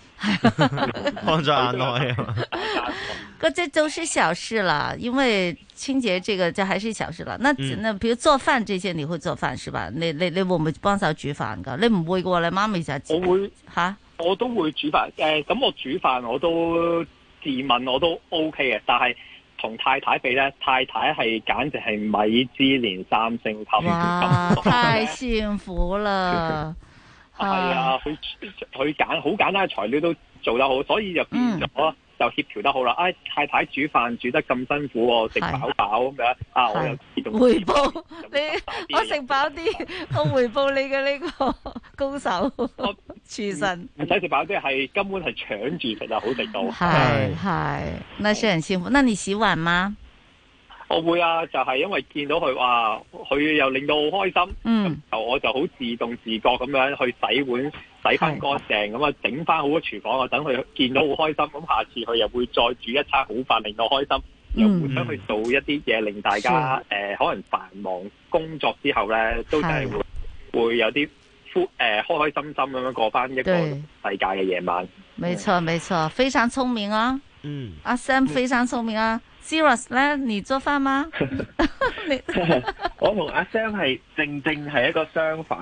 Speaker 6: 幫住眼內啊！
Speaker 4: 哥 這都是小事啦，因為清潔這個就還是小事啦。那、嗯、那比如做飯這些，你會做飯是吧？你你你會唔會幫手煮飯噶？你唔會嘅話，你媽咪就煮。我會吓，
Speaker 7: 我都會煮飯。誒、呃，咁我煮飯我都自問我都 OK 嘅，但係同太太比咧，太太係簡直係米芝蓮三星級。哇， 太
Speaker 4: 幸福啦！
Speaker 7: 係啊，佢佢揀好簡單嘅材料都做得好，所以就變咗、嗯、就協調得好啦、哎。太太煮飯煮得咁辛苦，食飽飽咁樣，啊，啊，啊，我又知道。回報、
Speaker 4: 啊、你，你，我食飽啲， 我回報你
Speaker 7: 嘅呢個高手。 我自身。唔使食飽啲，係根本係搶住食就好食到。係
Speaker 4: 係、啊啊啊啊，那使人幸福。那你洗碗嗎？
Speaker 7: 我會啊，就係、是、因為見到佢話佢又令到好開心，咁、嗯、就我就好自動自覺咁樣去洗碗洗翻乾淨，咁啊整翻好個廚房啊，等佢見到好開心。咁下次佢又會再煮一餐好飯，令到開心，嗯、
Speaker 9: 又會想去
Speaker 7: 做一啲嘢，令大家誒、呃、可能繁忙工作之後咧，都係會會有啲舒誒開開心心咁樣過翻一個世界嘅夜晚、嗯。
Speaker 4: 沒錯，沒錯，非常聰明啊！嗯，
Speaker 7: 阿、啊、Sam 非
Speaker 4: 常聰明啊！嗯嗯 Serious 咧，你做飯嗎？
Speaker 7: 我同阿 Sam 係正正係一個相反，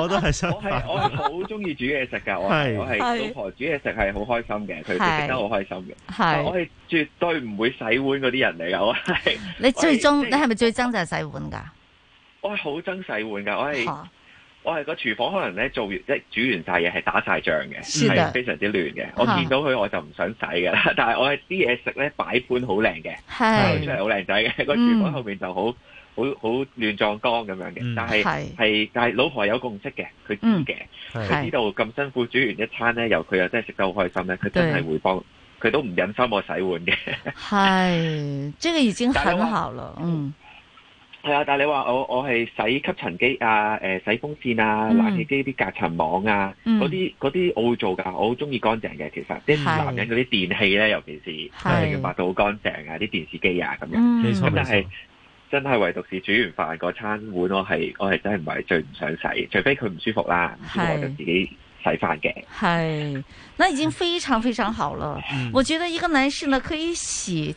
Speaker 7: 我都係
Speaker 6: 相
Speaker 9: 反。
Speaker 7: 我係我好中意煮嘢食噶，我係我係 老婆煮嘢食係好開心嘅，佢哋食得好開心嘅。 係我係絕對唔會洗碗嗰啲人嚟噶，我係。
Speaker 4: 你最憎終， 你係咪最憎就係洗碗噶 ？
Speaker 7: 我係好憎洗碗噶，我係。我係個廚房，可能咧做完即煮完晒嘢，係打晒仗嘅，係非常之亂嘅。我見到佢，我就唔想洗㗎喇。但係我係啲嘢食咧擺盤好靚嘅，出嚟好靚仔嘅。嗯，個廚房後面就、嗯、好好好亂撞缸咁樣嘅。但係係，但係老婆有共識嘅，佢知嘅，佢知道咁辛苦煮完一餐咧，由佢又真係食得好開心咧，佢真係會幫佢都唔忍心我洗碗嘅。
Speaker 4: 係，即、這個已經很好了，嗯。
Speaker 7: 係啊，但係你話我我係洗吸塵機啊，誒、呃、洗風扇啊，冷氣機啲隔塵網啊，嗰啲嗰啲我會做噶，我好中意乾淨嘅，其實啲男人嗰啲電器咧，尤其是要抹到好乾淨啊，啲電視機啊咁樣，咁但係真係唯獨是煮完飯嗰餐碗，我係我係真係唔係最唔想洗，除非佢唔舒服啦，不我就自己洗翻嘅。
Speaker 4: 係，那已經非常非常好了。嗯、我覺得一個男士呢可以洗。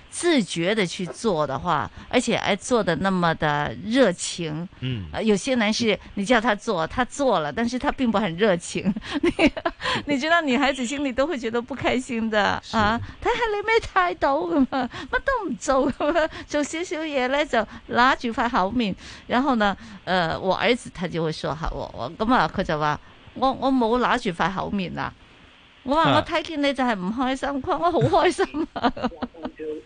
Speaker 4: 自覺的去做的話，而且還做的那麼的熱情。嗯，啊、有些男士你叫他做，他做了，但是他並不很熱情。你 你知道，女孩子心裏都會覺得不開心的啊。睇下你咩態度咁啊，乜都唔做做少少嘢咧就拿住塊口面。然後呢，呃，我兒子他就會說下我，咁啊，佢就話我我冇拿住塊口面啊。我話我睇見你就係唔開心，佢話我好開心啊。啊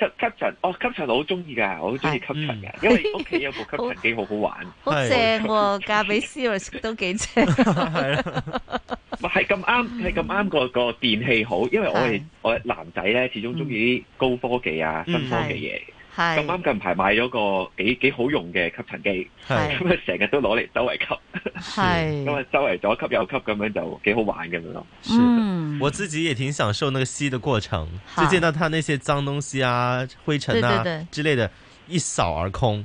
Speaker 7: 吸吸塵，哦，吸塵我好中意噶，我好中意吸塵嘅、嗯，因為屋企有部吸塵機好好玩， 好正
Speaker 4: 喎、啊，嫁俾 Serious 都幾正 是，係
Speaker 7: 啦，唔係咁啱，係咁啱個個電器好，因為我哋我哋男仔咧，始終中意啲高科技啊，嗯、新科技嘢。咁啱近排買咗個幾幾好用嘅吸塵機，咁啊成日都攞嚟周圍吸，咁啊 周圍左吸右吸咁樣就幾好玩咁樣咯。嗯是，
Speaker 6: 我自己也挺享受那個吸的過程，就見到它那些髒東西啊、灰塵啊之類的對對對，一掃而空。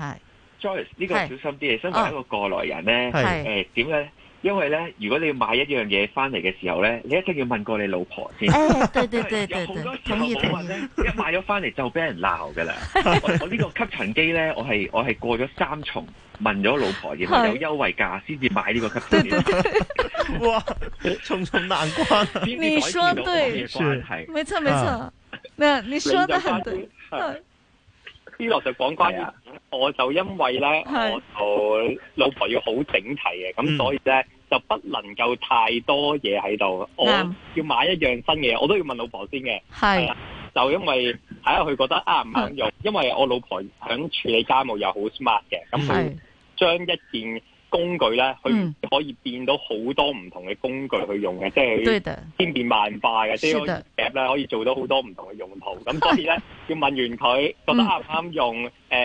Speaker 7: 係 Joyce 呢個小心啲啊！身為一個過來人咧，誒點解咧？因為咧，如果你要買一樣嘢翻嚟嘅時候咧，你一定要問過你老婆先。哦、對對對對 有好多時候冇問咧，一買咗翻嚟就俾人鬧噶啦。我呢個吸塵機咧，我係我係過咗三重，問咗老婆嘅有優惠價，先至買呢個吸塵機。 哇，重重難
Speaker 10: 關、啊。 你說對，
Speaker 7: 沒錯、啊、沒錯。
Speaker 9: 你說得很對。
Speaker 7: 呢落就講關於、啊，我就因為咧、啊，我老婆要好整齊嘅，咁、啊、所以咧就不能夠太多嘢喺度。我要買一樣新嘢，我都要問老婆先嘅。係、啊啊，就因為睇下佢覺得啱唔啱用、啊，因為我老婆響處理家務又好 smart 嘅，咁將一件工具咧，佢可以變到好多唔同嘅工具去用嘅、嗯，即係千變萬化嘅，即係 app 咧可以做到好多唔同嘅用途。咁所以咧，要問完佢覺得啱唔啱用，誒、嗯、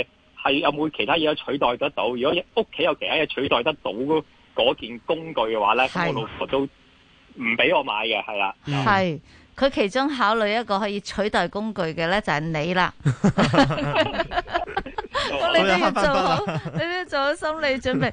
Speaker 7: 係、呃、有冇其他嘢取代得到？如果屋企有其他嘢取代得到嗰件工具嘅話咧，我老婆都唔俾我買嘅，係啦。嗯嗯。
Speaker 4: 佢其中考慮一個可以取代工具嘅咧，就係你
Speaker 9: 啦。你都要做好，
Speaker 4: 你都要做好心理準備。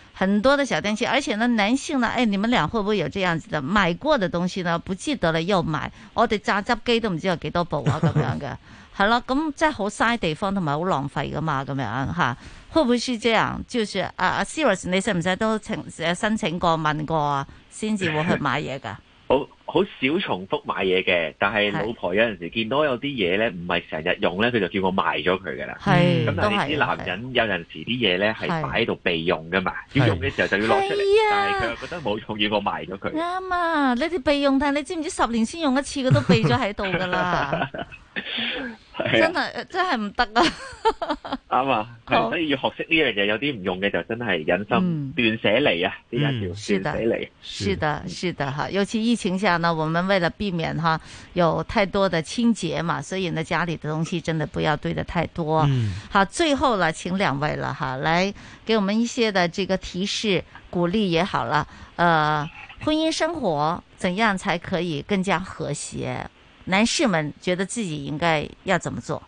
Speaker 4: 很多的小電器，而且呢男性呢，誒、哎，你們倆會不會有這樣子的買過的東西呢？不記得了又買，我哋榨汁機都唔知有幾多部啊咁樣嘅，係 咯，咁即係好嘥地方同埋好浪費噶嘛，咁樣吓，會唔會是這樣？就是啊 Sirius，你使唔使都請申請過問過啊，先至會去買嘢噶？
Speaker 7: 好。好少重複買嘢嘅，但係老婆有陣時見到有啲嘢咧，唔係成日用咧，佢就叫我賣咗佢噶啦。係，咁、嗯、但你知男人有陣時啲嘢咧係擺喺度備用噶嘛，要用嘅時候就要攞出嚟。係、啊、但係佢又覺得冇用，要我賣咗佢。
Speaker 4: 啱啊，你哋備用，但你知唔知十年先用一次，佢都備咗喺度噶啦。
Speaker 7: 真係
Speaker 4: 真係唔得啊！
Speaker 7: 啱啊，所 以、啊、要學識呢樣嘢，有啲唔用嘅就真係忍心斷捨離啊！啲嘢就斷捨離，是的，是
Speaker 4: 的，是的，哈！尤其疫情下呢，我們為了避免哈有太多的清潔嘛，所以呢家裏的東西真的不要堆得太多、嗯。好，最後呢兩了，請兩位了哈，來給我們一些的這個提示、鼓勵也好了。呃，婚姻生活怎樣才可以更加和諧？男士們覺得自己應該要怎麼做？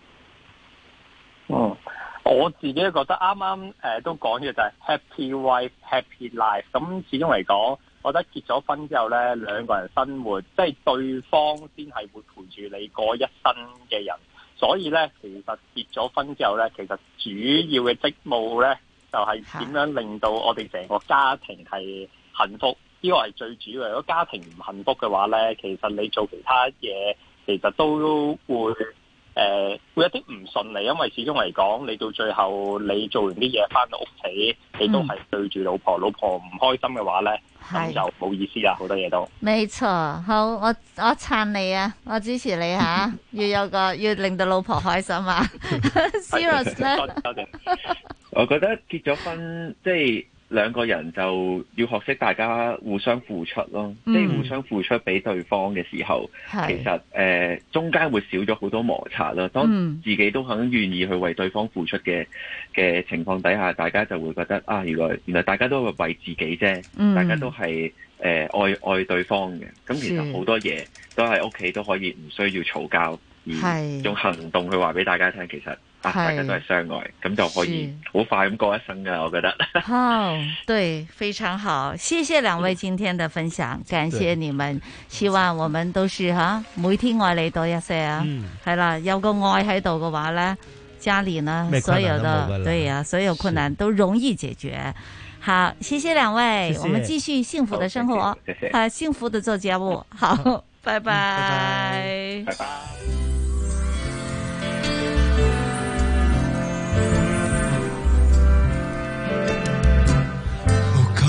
Speaker 4: 嗯，
Speaker 7: 我自己覺得啱啱誒都講嘅就係 happy wife happy life。咁始終嚟講，我覺得結咗婚之後咧，兩個人生活，即係對方先係會陪住你過一生嘅人。所以咧，其實結咗婚之後咧，其實主要嘅職務咧就係、是、點樣令到我哋成個家庭係幸福。呢、啊這個係最主要嘅。如果家庭唔幸福嘅話咧，其實你做其他嘢，其實都會誒、呃，會有一啲唔順利，因為始終嚟講，你到最後你做完啲嘢，翻到屋企，你都係對住老婆，嗯、老婆唔開心嘅話咧，咁就冇意思啊，好多嘢都。
Speaker 4: 冇錯，好，我我撐你啊，我支持你吓、啊，要 有個要令到老婆開心啊 ，serious 咧
Speaker 7: 我覺得結咗婚即係。就是兩個人就要學識大家互相付出咯，嗯、即係互相付出俾對方嘅時候，其實、呃、中間會少咗好多摩擦啦。當自己都肯願意去為對方付出嘅嘅情況底下，大家就會覺得啊，原來原來大家都係為自己啫、嗯，大家都係誒、呃、愛愛對方嘅。咁其實好多嘢都喺屋企都可以唔需要吵交。係用行動去話俾大家聽，其實是、啊、大家都係相愛，咁就可以好快咁過一生噶。我覺得
Speaker 4: 好，對，非常好。謝謝兩位今天的分享、嗯，感謝你們。希望我們都是哈、啊，每天愛你多一些啊。係、嗯、啦，有個愛喺度嘅話呢家裏呢所有的對、啊、所有困難都容易解決。好，謝謝兩位謝謝，我們繼續幸福的生活謝謝謝謝。啊，幸福的做家務。好，嗯、拜拜，拜拜。拜拜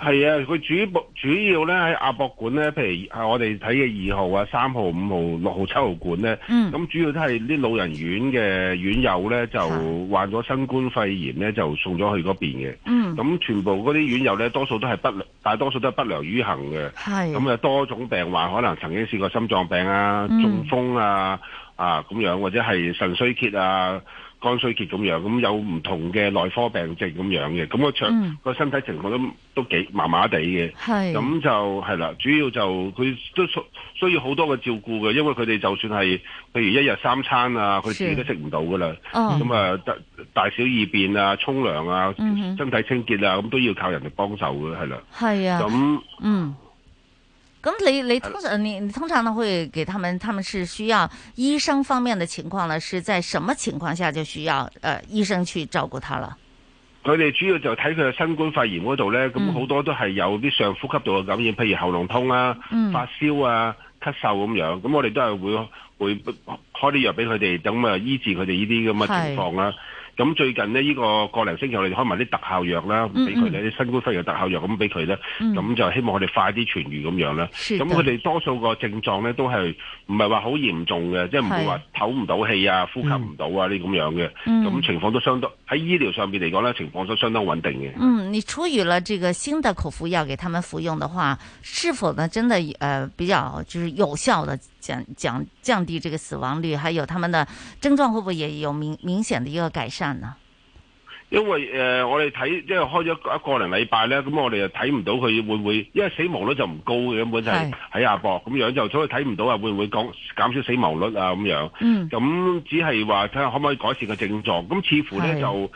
Speaker 8: 係啊，佢主主要咧喺亞博館咧，譬如係我哋睇嘅二號啊、三號、五號、六號、七號館咧，咁、嗯、主要都係啲老人院嘅院友咧，就患咗新冠肺炎咧，就送咗去嗰邊嘅。咁、嗯、全部嗰啲院友咧，多數都係不良，大多數都係不良於行嘅。咁啊，多種病患可能曾經試過心臟病啊、中風啊、嗯、啊咁樣，或者係腎衰竭啊。肝衰竭咁樣，咁有唔同嘅內科病症咁樣嘅，咁、個腸個、嗯、身體情況都都幾麻麻地嘅，咁就係啦。主要就佢都需要好多嘅照顧嘅，因為佢哋就算係譬如一日三餐啊，佢自己都食唔到噶啦。咁啊、oh.，大小二便啊、沖涼啊、嗯、身體清潔啊，咁都要靠人哋幫手嘅，係啦。係啊。咁嗯。
Speaker 4: 咁你你通常你，你通常呢會給他們，他們是需要醫生方面的情況呢？是在什麼情況下就需要，呃，醫生去照顧他了？
Speaker 8: 佢哋主要就睇佢嘅新冠肺炎嗰度呢，咁好多都係有啲上呼吸道嘅感染，譬、嗯、如喉嚨痛啊、發燒啊、咳嗽咁樣，咁我哋都係會會開啲藥俾佢哋，等啊醫治佢哋呢啲咁嘅情況啦、啊。咁最近呢，呢個過零星期我哋開埋啲特效藥啦，俾佢呢啲新冠肺炎嘅特效藥，咁俾佢咧，咁、嗯、就希望佢哋快啲痊愈咁樣啦。咁佢哋多數個症狀咧都係唔係話好嚴重嘅，即係唔會話唞唔到氣啊、嗯、呼吸唔到啊呢咁樣嘅，咁、嗯、情況都相當喺醫療上面嚟講咧，情況都相當穩定嘅。嗯，
Speaker 4: 你出於了這個新的口服藥給他們服用的話，是否呢？真的，誒、呃，比較就是有效的？降降降低這個死亡率，還有他們的症狀會不會也有明明顯的一個改善呢？
Speaker 8: 因為誒、呃，我哋睇即係開咗一個零禮拜咧，咁我哋又睇唔到佢會唔會，因為死亡率就唔高嘅，根本就係喺亞博咁樣就所以睇唔到啊，會唔會講減少死亡率啊咁樣？咁、嗯、只係話睇下可唔可以改善個症狀，咁似乎咧就。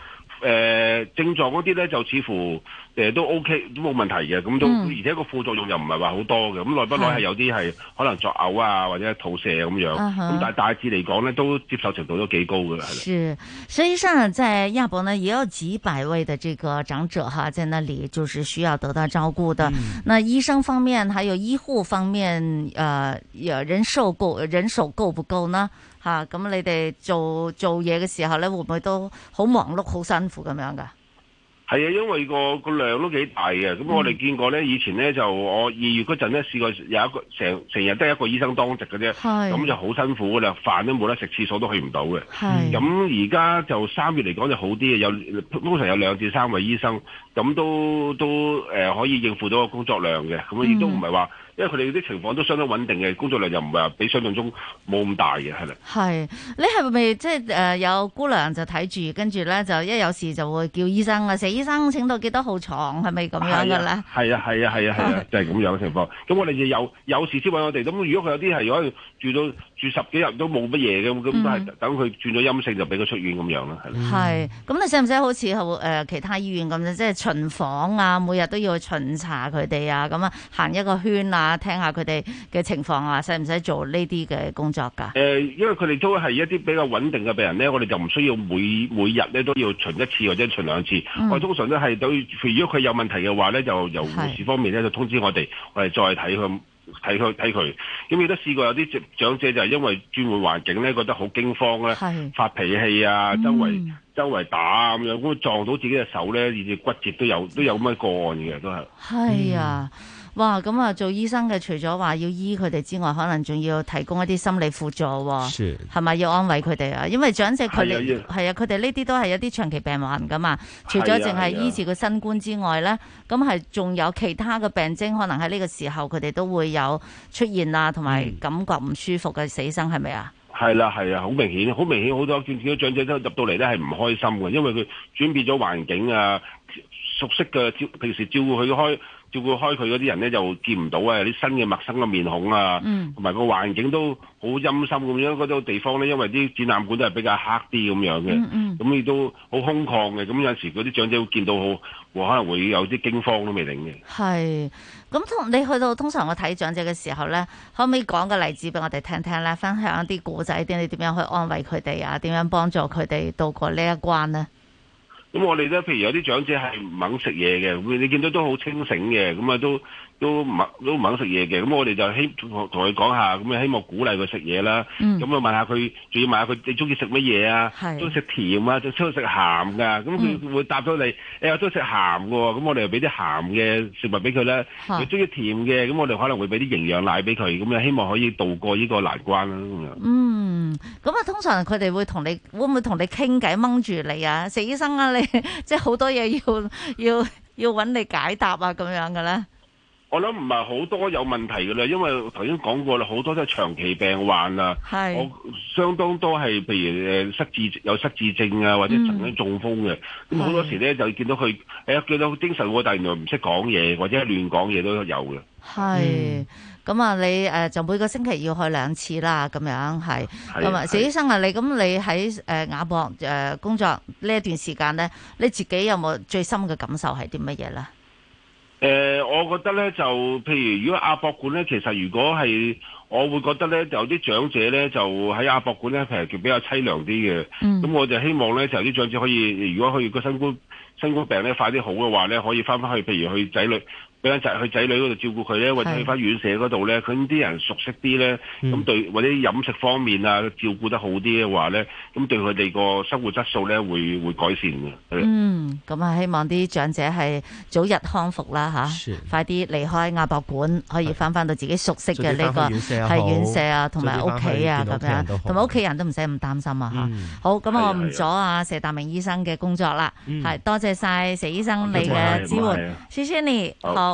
Speaker 8: 誒、呃、症狀嗰啲咧就似乎、呃、都 OK 都冇問題嘅，咁都、嗯、而且個副作用又唔係話好多嘅，咁耐不耐係有啲係可能作嘔啊或者肚瀉咁樣，咁、啊、但係大致嚟講呢，都接受程度都幾高㗎啦。是，
Speaker 4: 所以上在亞博呢，也有幾百位的這個長者哈，在那裏就是需要得到照顧的、嗯。那醫生方面，還有醫護方面，呃，人手夠，人手夠唔夠呢？咁、啊、你哋做做嘢嘅時候咧，會唔會都好忙碌、好辛苦咁樣噶？
Speaker 8: 係啊，因為個個量都幾大嘅。咁、嗯、我哋見過咧，以前咧就我二月嗰陣咧試過有一個成成日得一個醫生當值嘅啫，咁就好辛苦㗎啦，飯都冇得食，廁所都去唔到嘅。咁而家就三月嚟講就好啲嘅，有通常有兩至三位醫生，咁都都、呃、可以應付到個工作量嘅，咁亦都唔係話。嗯因為佢哋啲情況都相當穩定嘅，工作量又唔係話比想象中冇咁大嘅，係咪？
Speaker 4: 係，你係咪即係誒有姑娘就睇住，跟住咧就一有事就會叫醫生啊？佘醫生，請到幾多號床，係咪咁樣噶啦？
Speaker 8: 係啊係啊係啊係啊，啊，啊，啊，就係、是、咁樣嘅情況。咁我哋就有有事先搵我哋。咁如果佢有啲係可以住到。住十幾日都冇乜嘢嘅，咁都係等佢轉咗陰性就俾佢出院咁樣啦。係，
Speaker 4: 咁你使唔使好似誒其他醫院咁樣即係、就是、巡房啊，每日都要去巡查佢哋啊，咁啊行一個圈啊，聽下佢哋嘅情況啊，使唔使做呢啲嘅工作㗎？誒，
Speaker 8: 因為佢哋都係一啲比較穩定嘅病人咧，我哋就唔需要每每日咧都要巡一次或者巡兩次。嗯、我通常都係對，如果佢有問題嘅話咧，就由護士方面咧就通知我哋，我哋再睇佢。睇佢睇佢，咁亦都試過有啲長者就係因為轉換環境咧，覺得好驚慌咧，發脾氣啊，周圍、嗯、周圍打咁樣，咁撞到自己隻手咧，甚至骨折都有都有咁嘅個案嘅，都係。係啊。嗯
Speaker 4: 哇，咁啊，做醫生嘅除咗話要醫佢哋之外，可能仲要提供一啲心理輔助，係咪要安慰佢哋啊？因為長者佢哋係啊，佢哋呢啲都係一啲長期病患噶嘛。除咗淨係醫治個新冠之外咧，咁係仲有其他嘅病徵，可能喺呢個時候佢哋都會有出現啊，同埋感覺唔舒服嘅死生係咪啊？
Speaker 8: 係啦，係啊，好明顯，好明顯好多，見見到長者都入到嚟咧係唔開心嘅，因為佢轉變咗環境啊，熟悉嘅平時照顧佢開。照顧開佢嗰啲人咧，就見唔到啊！啲新嘅陌生嘅面孔啊，同埋個環境都好陰森咁樣。嗰種地方咧，因為啲展覽館都係比較黑啲咁樣嘅，咁亦都好空曠嘅。咁有時嗰啲長者會見到，好可能會有啲驚慌都未定嘅。
Speaker 4: 係，咁同你去到通常我睇長者嘅時候咧，可唔可以講個例子俾我哋聽聽咧？分享一啲古仔啲，你點樣去安慰佢哋啊？點樣幫助佢哋度過呢一關咧？
Speaker 8: 咁我哋咧，譬如有啲長者係唔肯食嘢嘅，你見到都好清醒嘅，咁啊都。都唔都唔肯食嘢嘅，咁我哋就希同佢講下，咁樣希望鼓勵佢食嘢啦。咁、嗯、啊，問下佢，仲要問下佢，你中意食乜嘢啊？中意食甜啊，中唔中意食咸噶？咁佢會答咗你：嗯「誒、哎，中意食鹹嘅，咁我哋又俾啲鹹嘅食物俾佢啦。佢中意甜嘅，咁我哋可能會俾啲營養奶俾佢，咁樣希望可以渡過呢個難關啦、啊。嗯，
Speaker 4: 咁啊，通常佢哋會同你會唔會同你傾偈掹住你啊？佘醫生啊，你即係好多嘢要要要搵你解答啊，咁樣嘅咧。
Speaker 8: 我諗唔係好多有問題噶啦，因為頭先講過啦，好多都係長期病患啊。係我相當多係，譬如誒失智有失智症啊，或者曾經中風嘅，咁好多時咧，就見到佢誒見到佢精神喎，但係原來唔識講嘢或者亂講嘢都有嘅。
Speaker 4: 係咁啊，你誒就每個星期要去兩次啦，咁樣係。咁啊，佘醫生啊，你咁你喺誒亞博誒工作呢一段時間咧，你自己有冇最深嘅感受係啲乜嘢咧？
Speaker 8: 誒、呃，我覺得咧就，譬如如果亞博館咧，其實如果係，我會覺得咧就有啲長者咧就喺亞博館咧，其實叫比較淒涼啲嘅。咁、嗯、我就希望咧，就有啲長者可以，如果去個新冠新冠病，咧快啲好嘅話咧，可以翻翻去，譬如去仔女。俾佢仔佢仔女嗰度照顧佢咧，或者去翻院舍嗰度咧，佢啲人熟悉啲咧，咁、嗯、對或者飲食方面啊照顧得好啲嘅話咧，咁對佢哋個生活質素咧會會改善嘅。嗯，
Speaker 4: 咁啊希望啲長者係早日康復啦吓、啊，快啲離開亞博館，可以翻翻到自己熟悉嘅呢、呢個係院舍啊，同埋屋企啊咁樣，同埋屋企人都唔使咁擔心啊吓、嗯啊，好，咁我唔阻啊佘達明醫生嘅工作啦，係、嗯、多謝晒佘醫生你嘅支援。嗯、謝謝你好。好。